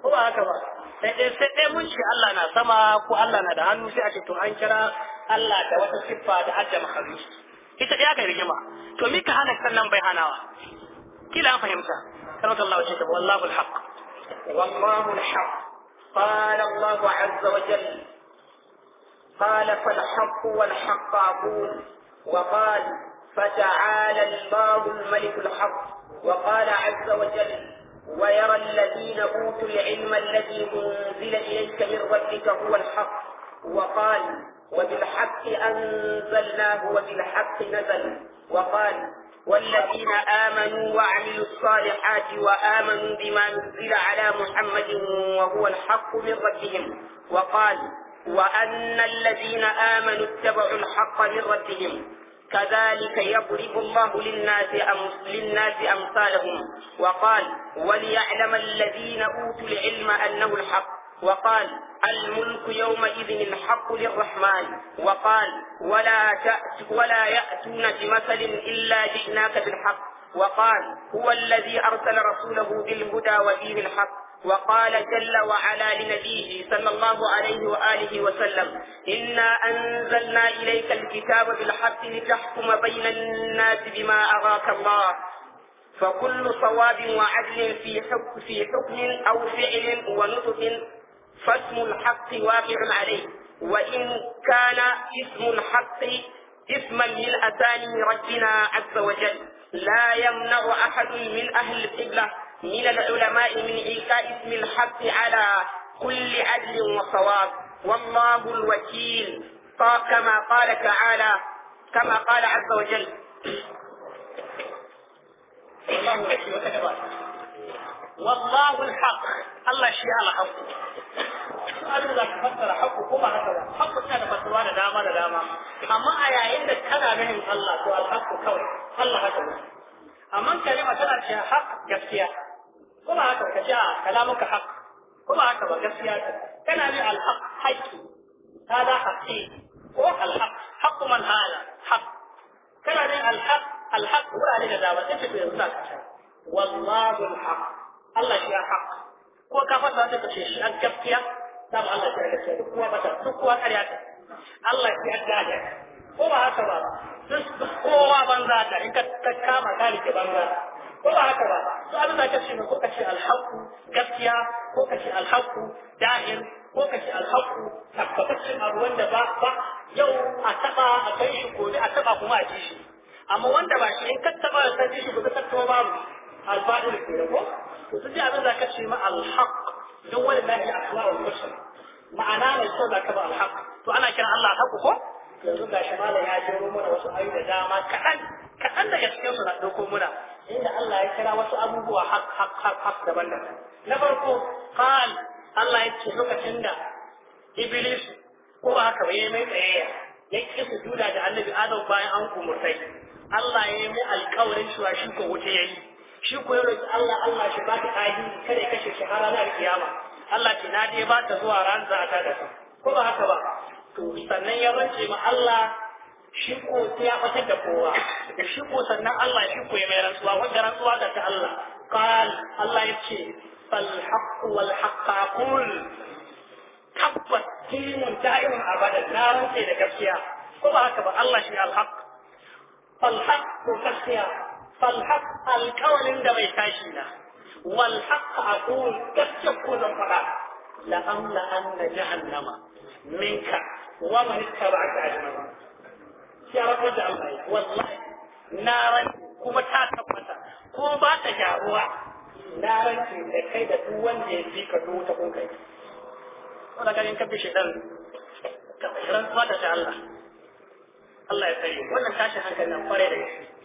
ko ba haka ba sai dai sai dai mun ce Allah na sama ko Allah na da hannu sai a ce to an kira Allah da wata siffa da adda makhluq ita dai aka yi rigima to mika hana sannan bai hanawa kila an fahimta karatu Allah ce ta wallahu alhaq wallahu alhaq قال الله عز وجل قال فالحق والحق أقول وقال فتعالى الله الملك الحق وقال عز وجل ويرى الذين أوتوا العلم الذي أنزل إليك من ربك هو الحق وقال وبالحق أنزلناه وبالحق نزل وقال والذين آمنوا وعملوا الصالحات وآمنوا بما نزل على محمد وهو الحق من ربهم وقال وأن الذين آمنوا اتبعوا الحق من ربهم كذلك يضرب الله للناس أم للناس أمثالهم وقال وليعلم الذين أوتوا العلم أنه الحق وقال الملك يومئذ الحق للرحمن وقال ولا تأت ولا يأتون بمثل إلا جئناك بالحق وقال هو الذي أرسل رسوله بالهدى ودين الحق وقال جل وعلا لنبيه صلى الله عليه وآله وسلم إنا أنزلنا إليك الكتاب بالحق لتحكم بين الناس بما أراك الله فكل صواب وعدل في حكم, في حكم أو فعل ونطق فاسم الحق واقع عليه وإن كان اسم الحق اسما من ربنا عز وجل لا يمنع أحد من أهل القبلة من العلماء من إيكاء اسم الحق على كل عدل وصواب والله الوكيل كما قال تعالى كما قال عز وجل الله الوكيل وكذا والله الحق الله شيء على حقه abin da ka fassara haƙƙo ko ba ba haƙƙo tana da fasuwa da dama da dama amma yayin da kana ganin Allah to alhaqqu kawai Allah haka ne amma kalima tana ce haq gaskiya ko ba ka ce a ah, kalamuka haq ko ba ba gaskiya kana ne alhaq haƙƙi hada haqqi ko alhaq haqqu da Allah shi ya haƙa ko ka fasa ta kace shi an gaskiya ba Allah shi ya gaskiya duk kowa mata duk kowa ƙarya ta Allah shi ya gaskiya ko ba haka ba duk kowa banza ta in ka kama ka rike banza ko ba haka ba to abin da ka ce ko ka ce alhaqu gaskiya ko ka ce alhaqu da'ir ko ka ce alhaqu tabbataccen abu wanda ba ba yau a taba a kai shi gobe a taba kuma a ji shi amma wanda ba shi in ka taba ka ji shi ba ka taba babu alfa'il ko su duk abin da ka ce ma alhaq dan wani lahi akhbarul rusul ma'ana ne so da ka ba alhaq to ana kira Allah alhaq ko yanzu ga shi malam ya jero mana wasu ayu dama kaɗan. Kaɗan daga cikin su na ɗauko muna inda Allah ya kira wasu abubuwa haq haq haq haq daban daban na farko qal Allah ya ce lokacin da iblis ko haka bai mai tsayayya ya ki su duda da annabi adam bayan an kumurtai Allah ya yi mai alƙawarin cewa shi ko wuce yayi shi ko ya Allah Allah shi ba ta kaji kada ya kashe shi har ranar kiyama Allah ce na je ba ta zuwa ran za ta da ko ba haka ba to sannan ya rance ma Allah shi ko ya fatar da kowa shi ko sannan Allah shi ko ya mai rantsuwa wanda rantsuwa da ta Allah qal Allah ya ce fal haqq wal haqqa qul tabbas kimun da'imun abada na rantsa da gaskiya ko ba haka ba Allah shi al haqq fal haqq gaskiya فالحق القول عندما يتاشينا والحق أقول تشكو ذنبها لأملأن جهنم منك ومن اتبعك أجمعين يا رب اجعل na ran kuma ta tabbata ko ba ta gyaruwa na ranke da kai da duk wanda ya fi ka dota kun kai wanda ganin ka bi shedan ka rantsuwa da Allah Allah ya tsare wannan tashin hankalin kwarai da gaske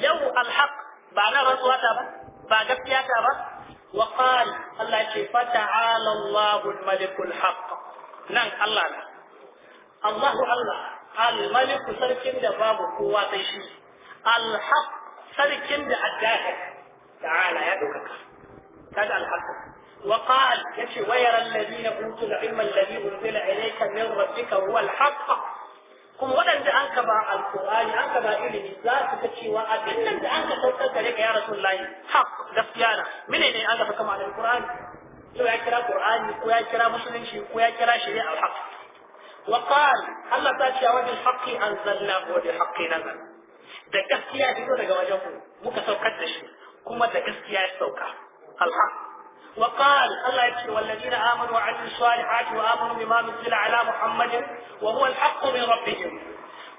yau alhaq ba na rantsuwa ta ba ba gaskiya ta ba wa qal Allah ce fa ta'ala Allahu al-malikul haq nan Allah na Allahu Allah al-malik sarkin da babu kowa sai shi al-haq sarkin da addaka ta'ala ya dokaka kada al-haq وقال يشي ويرى الذين أوتوا العلم الذي أنزل إليك من ربك هو الحق kuma waɗanda an ka ba alƙur'ani an ka ba ilimi za su ga cewa abin nan da an ka saukar gare ka ya rasulullahi haq gaskiya na mene ne an ka kama da alƙur'ani yau ya kira Al-Qur'ani, ko ya kira musulunci ko ya kira shari'a alhaq wa qal Allah ta ce wajen haqqi anzalna wa bi haqqi nazal da gaskiya fito daga wajen ku, muka saukar da shi kuma da gaskiya ya sauka alhaq وقال الله يكفي والذين امنوا وعملوا الصالحات وامنوا بما نزل على محمد wa huwa al-haqqu min rabbihim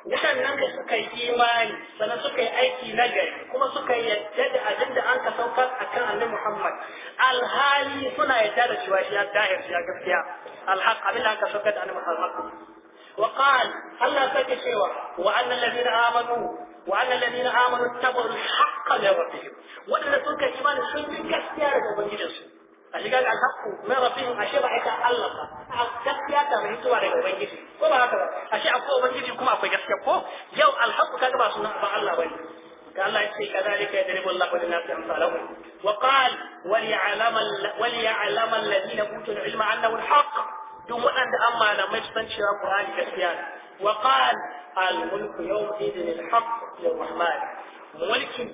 da suka yi imani sannan suka aiki nagari kuma suka yadda da abin da an ka saukar a kan annabi Muhammad alhali suna yadda da cewa shi ya dahir shi ya gaskiya alhaq abin da an ka saukar da annabi Muhammad wa qal Allah sake cewa amanu waɗanda suka imani sun yi gaskiya daga shiga alhaku min rabbihim ashe ba ita Allah ba a gaskiya ta mai zuwa daga ubangiji ko ba haka ba ashe akwai ubangiji kuma akwai gaskiya ko yau alhaku kaga ba sunan ba Allah bane da Allah ya ce kadalika yadribu Allahu lin-nasi amsalahum wa qala wal ya'lama wal ya'lama alladhina utul ilma annahu al-haqq duk waɗanda an malamai su san cewa Qur'ani gaskiya ne wa qala al-mulku yawma idin al-haqq lir-rahman mulki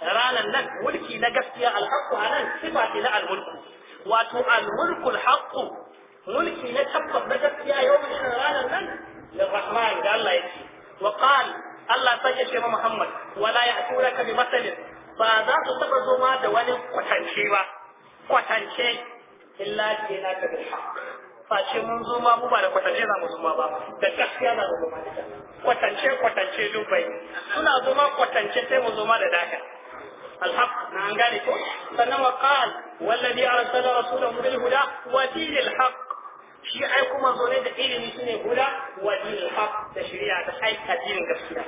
ranan nan mulki na gaskiya al-haqq anan sifati na al-mulku wato al-mulkul haqqu mulki na tabbas na gaskiya yau mun irin ranar nan lirrahman da Allah yake wa qal Allah sai ya ce ma Muhammad wala ya'turaka bi masalin ba za su taba zo ma da wani kwatance ba kwatance illa ke na ta bil haqq face mun zo ma mu ba da kwatance za mu zo ma ba da gaskiya za mu zo ma da kwatance kwatance dubai suna zo ma kwatance sai mu zo ma da daka الحق ما انقالك فنما قال والذي ارسل رسوله بالهدى ودين الحق شيعكم اظن دليل من هدى ودين الحق تشريع تحيي كدين قبسنا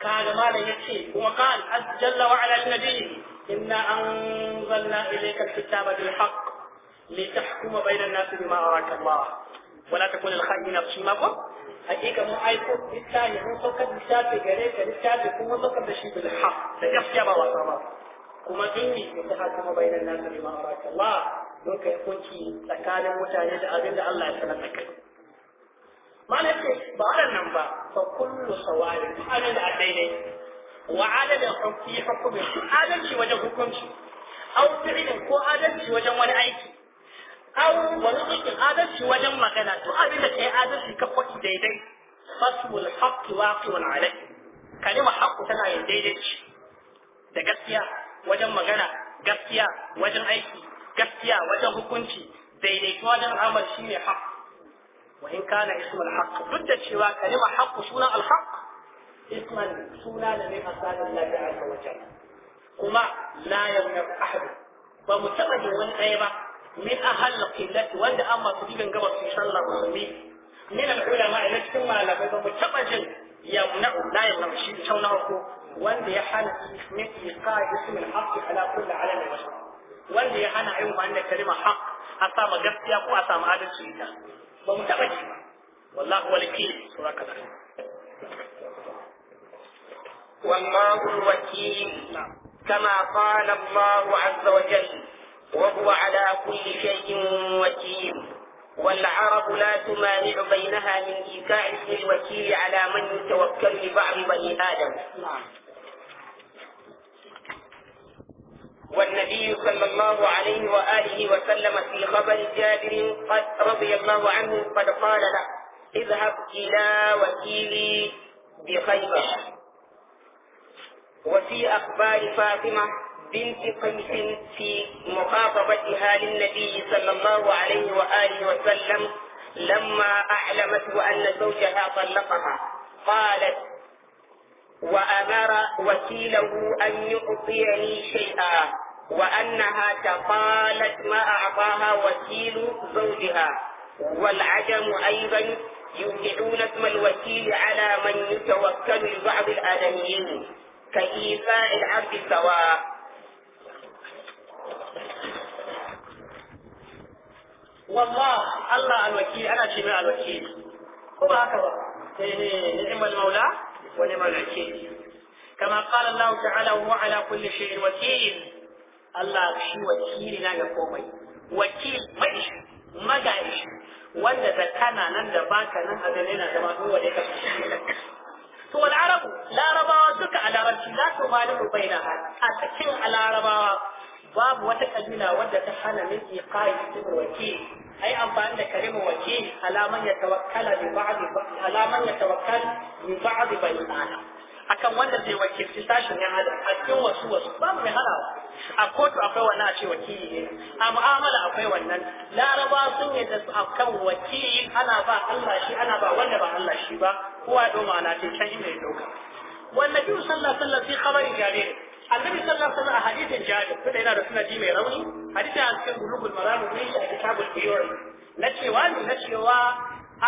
كان ما لا يكفي وقال عز جل وعلا لنبيه انا انزلنا اليك الكتاب بالحق لتحكم بين الناس بما اراك الله ولا تكون الخائن بشيء hakika mun aiko littafi mun saukar littafi gare ka littafi kuma saukar da shi bil haq da gaskiya ba wasa ba kuma inni ya ta haka mabainan nasu bima araka Allah don kai hukunci tsakanin mutane da abin da Allah ya sanar da kai malaka ba nan ba fa kullu sawari abin da daidai wa adala hukmi hukmi adalci wajen hukunci au fi'lin ko adalci wajen wani aiki aw wani aikin adalci wajen magana to abin da kai adalci ka faɗi daidai faswul haqqi waqi'un alayhi kalima haqqu tana yin daidai daidaici da gaskiya wajen magana gaskiya wajen aiki gaskiya wajen hukunci daidaito wajen amal shine haqq wa in kana ismul haqq duk da cewa kalima haqqu sunan al haqq isman suna da ne asalin lafiya azza wa jalla kuma la yamna ahad ba mu taɓa yin wani ɗaya ba من أهل القبلات وأن أما تجيب جواب في شان الله ربي من العلماء لكن ما لا بد يا تبج يمنع لا يمنع شيء شونه هو وأن يحن من إلقاء اسم الحق على كل علم البشر وأن يحن عيوب أن الكلمة حق أسامة جبتي أبو أسامة عادل سيدا ومتبج والله هو الكيل سورة كذلك والله الوكيل كما قال الله عز وجل وهو على كل شيء وكيل والعرب لا تمانع بينها من إيكاء اسم الوكيل على من يتوكل لبعض بني آدم نعم. والنبي صلى الله عليه وآله وسلم في خبر جابر قد رضي الله عنه قد قال له اذهب إلى وكيلي بخيبر وفي أخبار فاطمة بنت قيس في مخاطبتها للنبي صلى الله عليه وآله وسلم لما أعلمت أن زوجها طلقها قالت وأمر وكيله أن يعطيني شيئا وأنها تقالت ما أعطاها وكيل زوجها والعجم أيضا يوقعون اسم الوكيل على من يتوكل لبعض الآدميين كإيفاء العبد سواء والله الله الوكيل أنا شبه الوكيل هو هكذا نعم المولى ونعم الوكيل كما قال الله تعالى وهو على كل شيء وكيل الله شي وكيل لا يقومي وكيل مجش مجاش wanda da kana nan da baka nan a gane na zama duk wanda ka to wal arabu larabawa duka a larabci la to maliku baina a cikin larabawa babu wata kabila wadda ta hana min iqai ibn wakil ai amfani da kalimu waki alaman ya tawakkala bi ba'd alaman ya tawakkal bi ba'd bani adam akan wanda zai wakilci sashin ya adam a cikin wasu wasu ba mu halawa a kotu akwai wannan a ce wakili ne a mu'amala akwai wannan laraba sun yi da su akan wakili ana ba Allah shi ana ba wanda ba Allah shi ba kowa ya ma'ana ana ce can inda ya dauka wannan biyu sallah sallah sai khabari gare annabi sallallahu alaihi wasallam a hadisin jabir tunda yana da sanadi mai rauni hadisin a cikin bulugul maram ne a kitabul biyar na cewa ne na cewa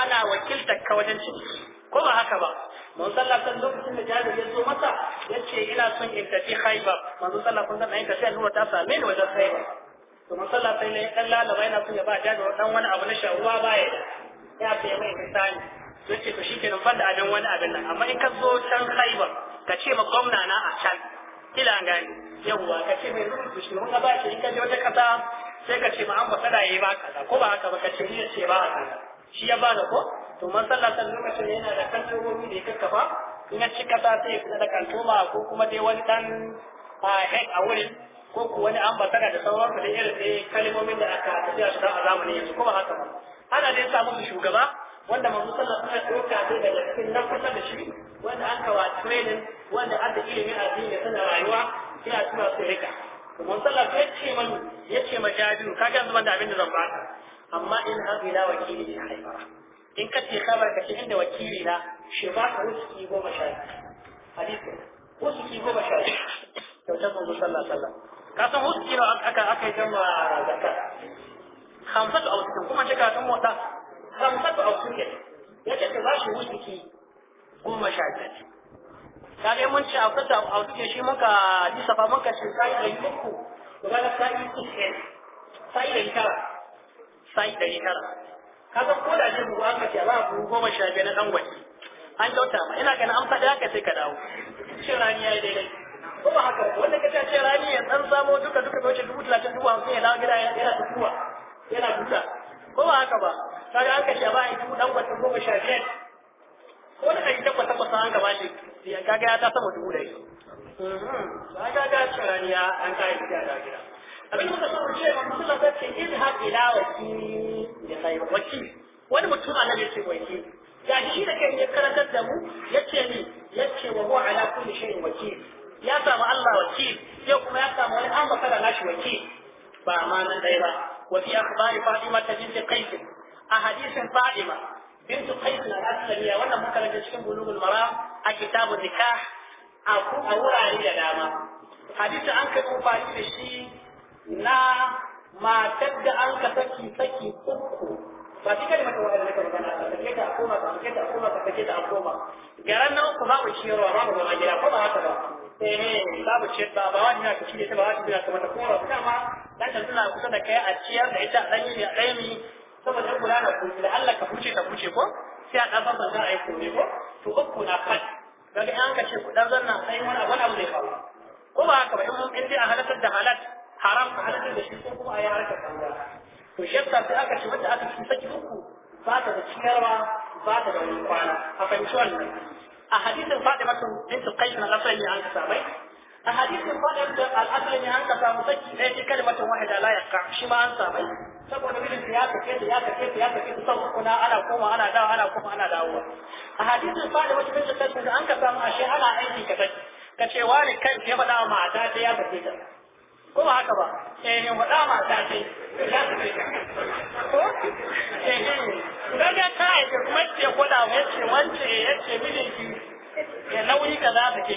ana wakiltar ka wajen ciki ko ba haka ba mun sallafin lokacin da jabir ya zo masa ya ce ina son in tafi haiba manzo sallafin zan yin tafiya zuwa ta same ni wajen haiba to mun sallafin ne dan lalaba yana son ya ba jabir dan wani abu na shawuwa baya ya fi mai misali to ce to shikenan fanda abin wani abin nan amma in ka zo can haiba ka ce ma gwamna na a can kila gani yawwa ka ce mai rubutu shi mun ba shi in ka je wata kasa sai ka ce ma an fasara yayi ba kaza ko ba haka ba ka ce ni ce ba kaza shi ya bada ko to masallatan lokacin yana da kalmomi da ya kakkafa in ya ci kasa sai ya da kantoma ko kuma dai wani dan head a wurin ko ku wani ambasada da sauran da irin dai kalmomin da aka tafiya su a zamanin yanzu ko ba haka ba ana dai samu shugaba wanda manzo sallallahu alaihi wasallam ya dauka daga cikin na kusa da shi wanda aka wa training wanda aka ilimi addini tana rayuwa ina tuna su rika mun sallah sai ce man yace ma jabiru kaga yanzu ban da abin da zan baka amma in hadu ila wakili ya haifara in ka ce khabar ka ce inda wakili na shi ba ka rusuki goma sha hadisi rusuki goma sha kyautar manzo sallah sallah ka san rusuki na aka aka yi jama zakka hamsatu a wasu kuma ce ka san mota hamsatu a wasu ne ce ka ba shi rusuki goma sha biyar kaga mun ci a da a duke shi muka ji safa muka ci sai da yuku ga kaga sai uku ke sai da yuka sai da Ka kaga ko da shi aka ce ba ku goma sha biyar na dan gwaji an dauta ma ina ganin an faɗi haka sai ka dawo shin rani ya yi daidai ko ba haka wanda ka ce rani ya dan samo duka duka da wuce dubu talatin dubu hamsin ya dawo gida yana tafiya yana duka ko ba haka ba kaga an ka ce ba a yi dubu dan gwaji goma sha biyar wani yi takwas takwas an gaba ce kaga ya ta sama dubu ɗari kaga ga cin ya an kare gida da gida abin da ce so ce musulun ta ce in ha ila wakili da sai waki. wani mutum a nan ya ce waki. ga shi da kai ya karantar da mu ya ce ni ya ce wa huwa ala kulli shay'in waki. ya samu Allah waki. yau kuma ya samu wani an bakara nashi waki. ba ma nan dai ba wa fi akhbari fatima ta binti kaifin. a hadisin fatima بنت قيس الأسلمية وانا مكرا تشكين بلوغ المرام كتاب النكاح أو أو علي داما حديث أنك مفاجئ الشيء نا ما تبدأ أنك سكي سكي أكو ba shi kalmar wahal da kan bana ka take ta koma ka take ta koma ka take ta koma nan ku babu haka ba eh babu ciyar ba ba wani ka cire ta ba wani ka mata kora dama dan ta tana kusa da kai a ciyar da ita dan yi da saboda in kula da kuce da Allah ka kuce ka kuce ko sai a ɗan san a yi kome ko to uku na fat daga an ka ce kuɗan zannan sai wani abu zai faru ko ba haka ba in mun in dai a halatar da halat haram a halatar da shi ko kuma a yi harkar banza to shi yasa sai aka ce wanda aka ci saki uku ba ta da ciyarwa ba ta da wani kwana a fahimci wannan a hadisin fadimatun bintu qais na lafiyar an sabai a hadisin fadar da al'adar ne an samu saki ɗaya ce kalmatin wahida la yaqa shi ma an samai saboda mijin ya tafi da ya tafi da ya tafi da sau na ana koma ana dawo ana koma ana dawowa a hadisin fadar wata mijin ta da an ka samu ashe ana aiki ka saki ka ce wani kan ya faɗa wa mata ta ya kafe ta ko ba haka ba eh faɗa mata ta ya kafe ta ko eh daga ta aiki kuma ce gwada wace wance ya ce mijinki ya nauyi ka za ta ke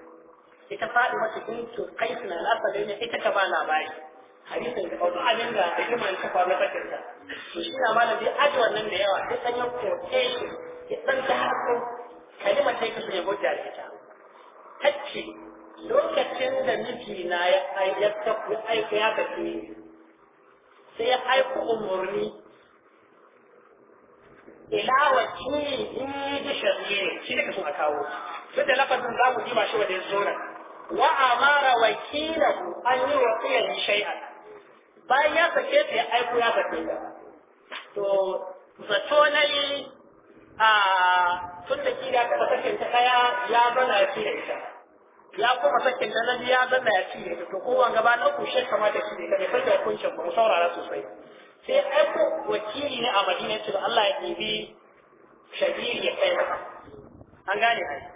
ita faɗi wata kuntu kai suna al'asar ne ita ka ba labari hadisin da kawo abin da a girma ta faru bakin ta to shi na malam bai aji wannan da yawa sai ɗan ya shi ya ɗan ta harko kalimar ta yi kasu ya godiya a ita tacce lokacin da miji na ya aiki ya tafi sai ya aiko umarni ila wakili in yi ji shari'a shi ne ka so a kawo duk da lafazin za mu ji ba shi wajen zoran wa amara wakila an yi shai a bayan ya sake ta ya aiko ya sake ta to zato na yi a tun da kila ta sakin ta kaya ya zana ya fiye ita ya kuma sakin ta nan ya zana ya fiye ta to kowane gaba na kushe kamata shi ne ta mai da hukuncin ba mu saurara sosai sai aiko wakili ne a madina ce Allah ya ɗibi shagiri ya kai maka an gane ai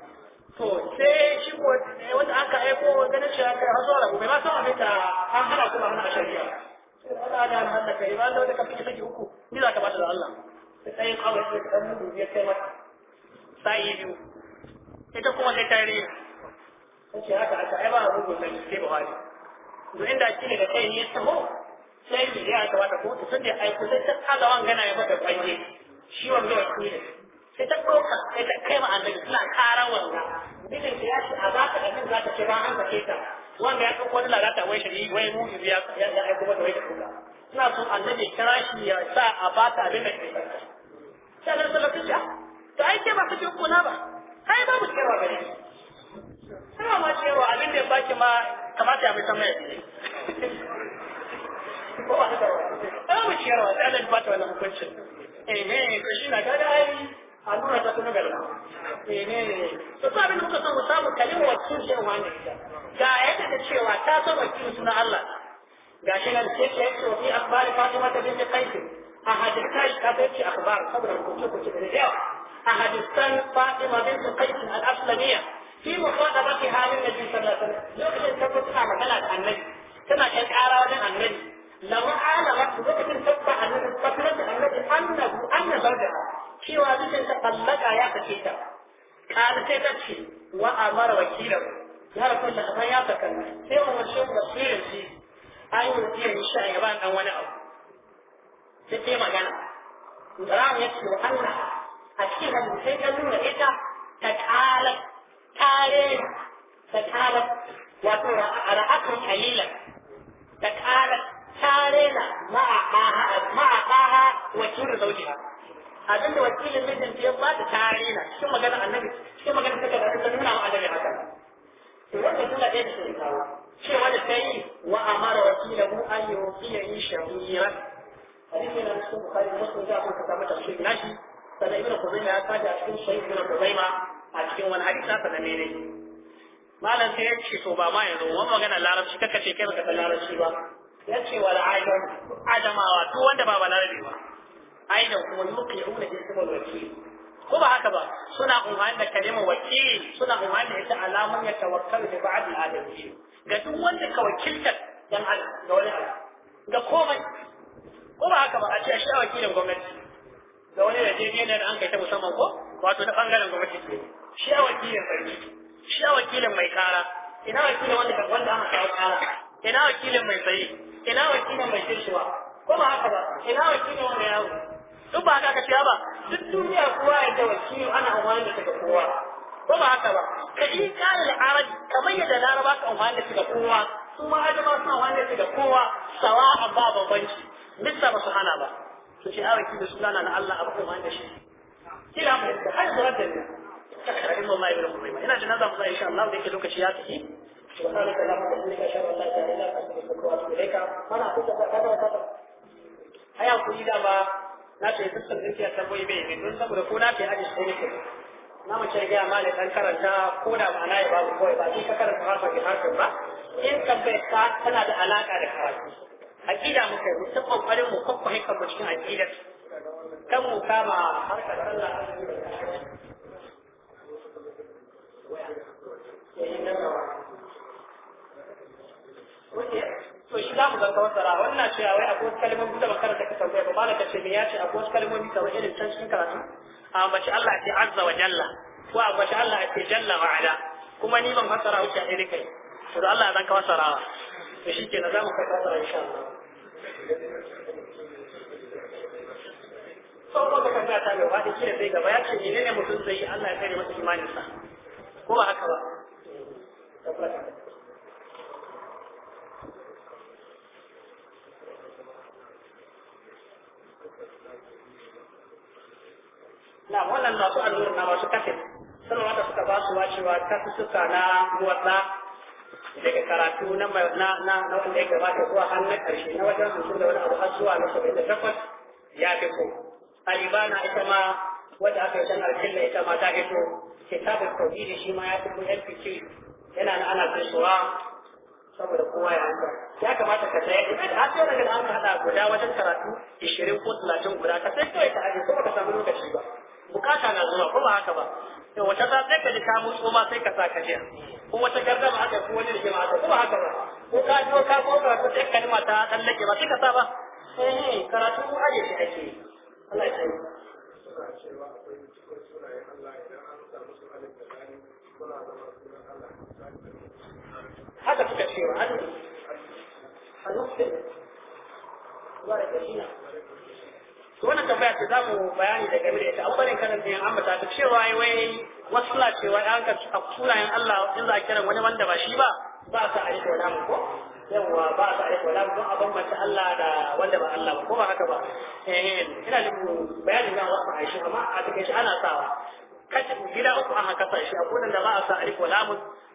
to sai shi ko eh, wanda aka aiko ganin shi aka hazo da bai ma san a da an hana kuma hana shari'a Allah da Allah kai ba da ka fice saki uku ni za ka bata da Allah sai ya kawo shi da mudu ya kai mata sai biyu ita kuma sai ta rere sai haka aka ai ba rubu sai sai Buhari to inda shi ne da kai ne taho sai ya ta wata ko tun da aiko sai ta kaga wangana ya mata fanye shi wanda wakili sai ta ɗauka sai ta kai ma annabi suna kara wanga mijin ta ya ce a za ɗanin za ta ce ba an sake ta wanda ya ɗauko wani lalata wai shari wai mu ya ya ya wai ta kula suna so annabi kira shi ya sa a ba ta abin da ke sarki to ai ke ba ka ce kuna ba ai ba mu cewa gare shi sai ma cewa abin da ya baki ma kamata ya mai ko ba haka ba ai mu cewa sai Allah ya bata wannan hukuncin eh eh shi na ga ai allura ta kuma garba menene to ba abin da muka san mu samu kalimar wakil shi wani ga yadda ta cewa ta san wakil suna Allah ga shi nan sai ta yi fi akbari fatima ta bin kaifi a hadisa shi ta bai akbar saboda kuce kuce da yawa a hadisan fatima bin kaifi al-aslamiyya fi muqadabati halin nabi sallallahu alaihi wasallam lokacin ta mutu a magana da annabi tana kai kara wajen annabi لو على رقبته تبع أن الفكرة التي أنه أن بدعة في وادي تقل بدعة يا كتيبة قال سيدتي وأمر وكيله يا رسول الله يا تكلم في يوم الشوق بصير شيء أي وكيل مش أيضا أو أنا أو تسمع مكان درام يسمع أنا أكيد هذا شيء كلام إذا تكال تكال تكال وترى على أكل كليلة تكال ta rena ma'aƙaha wakilin zaujiha da wakilin mijin ya ba ta ta rena cikin magana annabi cikin magana suka da ta nuna wa annabi haka to wanda suna ɗaya da shi kawo cewa da ta yi wa amara mu an yi wakilin yi shahira hadisi na cikin bukari da wasu da aka samu tafsir nashi sannan ibnu kuzaima ya kaji a cikin sahih ibnu kuzaima a cikin wani hadisi sanan ne ne malam sai ya ce to ba ma yanzu wani magana larabci kaka ce kai baka san larabci ba ya ce wal adam adamawa to wanda ba balarabe ba aidan kuma yuqi'una ismul wakil ko ba haka ba suna umarni da kalimar wakil suna umarni da ita alamun ya tawakkalu da ba'd al-adami ga duk wanda ka wakilta dan Allah ga wani Allah ga komai ko ba haka ba a ce shi wakilin gwamnati ga wani da je ne da an kai ta musamman ko wato na bangaren gwamnati ce shi wakilin sarki shi wakilin mai kara ina wakilin wanda wanda aka kawo kara ina wakilin mai sayi ina wakilin mai shirkiwa ko ba haka ba ina wakilin wani yawo duk ba haka ka ba duk duniya kowa ya da wakili ana amfani da kowa ko ba haka ba ka yi kalil arabi kamar yadda laraba ka amfani da kowa su ma adama suna amfani da kowa sawa a ba bambanci mista ba su hana ba to ce awaki da sunana na Allah abu amfani da shi kila mu har zuwa da ni ta karamin mamma ibn Khuzaimah ina jin na zamu za insha Allah da yake lokaci ya tafi سبحانك اللهم وبحمدك اشهد ان لا اله الا na ce ta min don saboda ko na ce na mace karanta ko da ma'ana ya babu kawai ba sai karanta ba in tabbai tana da alaka da karatu aqida muka yi mu kokko hika mu cikin aqida kan mu Thank you. to shi za mu ga tawassara wannan cewa wai akwai wasu kalmomi da bakar da ka tambaya ba malam ce me ya ce akwai wasu kalmomi kamar irin can cikin karatu a mace Allah ce azza wa jalla ko a mace Allah ce jalla wa ala kuma ni ban fassara wuce a irin kai to da Allah zan ka fassarawa to shi ke na za mu ka fassara insha Allah sau ba ka ta ga faɗi kira sai gaba ya ce ne menene mutum zai yi Allah ya kare masa imaninsa ko ba haka ba na wannan masu allura na masu kafin sanarwa wata suka ba su wacewa su suka na muwatsa daga karatu na na na wanda ya gabata zuwa har na karshe na wajen sun da wani abu har zuwa na saba'in da takwas ya fi ko alibana ita ma wadda aka yi ita ma ta fito kitabun tauhidi shi ma ya fi ko yan fice yana na ana gaisuwa saboda kowa ya hanta ya kamata ka sayar da har sai daga an hada guda wajen karatu 20 ko 30 guda ka sai kai ka aje ko ka samu lokaci ba bukata na zuwa ko ba haka ba to wata ta sai ka ji kamun tsoma sai ka sa ka jiya ko wata garda ba haka ko wani rike ma haka ko ba haka ba ko ka jo ka ko ka ko sai kalma ta dan ba sai ka sa ba eh karatu ko aje ka ake Allah ya yi Allah idan an samu su alif da haka suka ce wa hannu a nufin zuwa da gashina to wannan tambaya ce za mu bayani da game da ita an barin kanan biyan ambata ta cewa ya wai wasu suna cewa ya ka a sunayen Allah in za a kiran wani wanda ba shi ba ba a sa a yi kyau namu ko yawwa ba a sa a yi kyau namu don a bambanta Allah da wanda ba Allah ba ko ba haka ba eh, ina nufin bayanin na wasu a shi amma a cikin shi ana sawa kashi gida uku an haka sa shi a kudin da ba a sa a yi kyau namu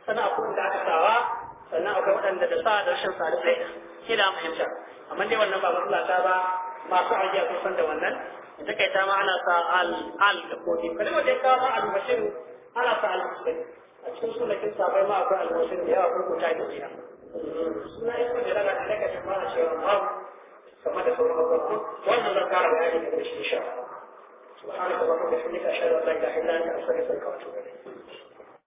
sannan a kudin da aka sawa sannan akwai waɗanda da sa da rashin sadu ɗaya kila fahimta amma dai wannan ba matsala ta ba masu ajiya a san da wannan da kai ta ma ana sa al al da kodi kalmar da kawo ma al bashiru ana sa al bashiru a cikin sunakin sabai ma akwai al bashiru da yawa kun ko ta ji suna yi kun da daga daga jama'a cewa ma kamar da sauran babban wannan zan kara bayani da shi insha Allah سبحانك اللهم وبحمدك اشهد ان لا اله الا انت استغفرك واتوب اليك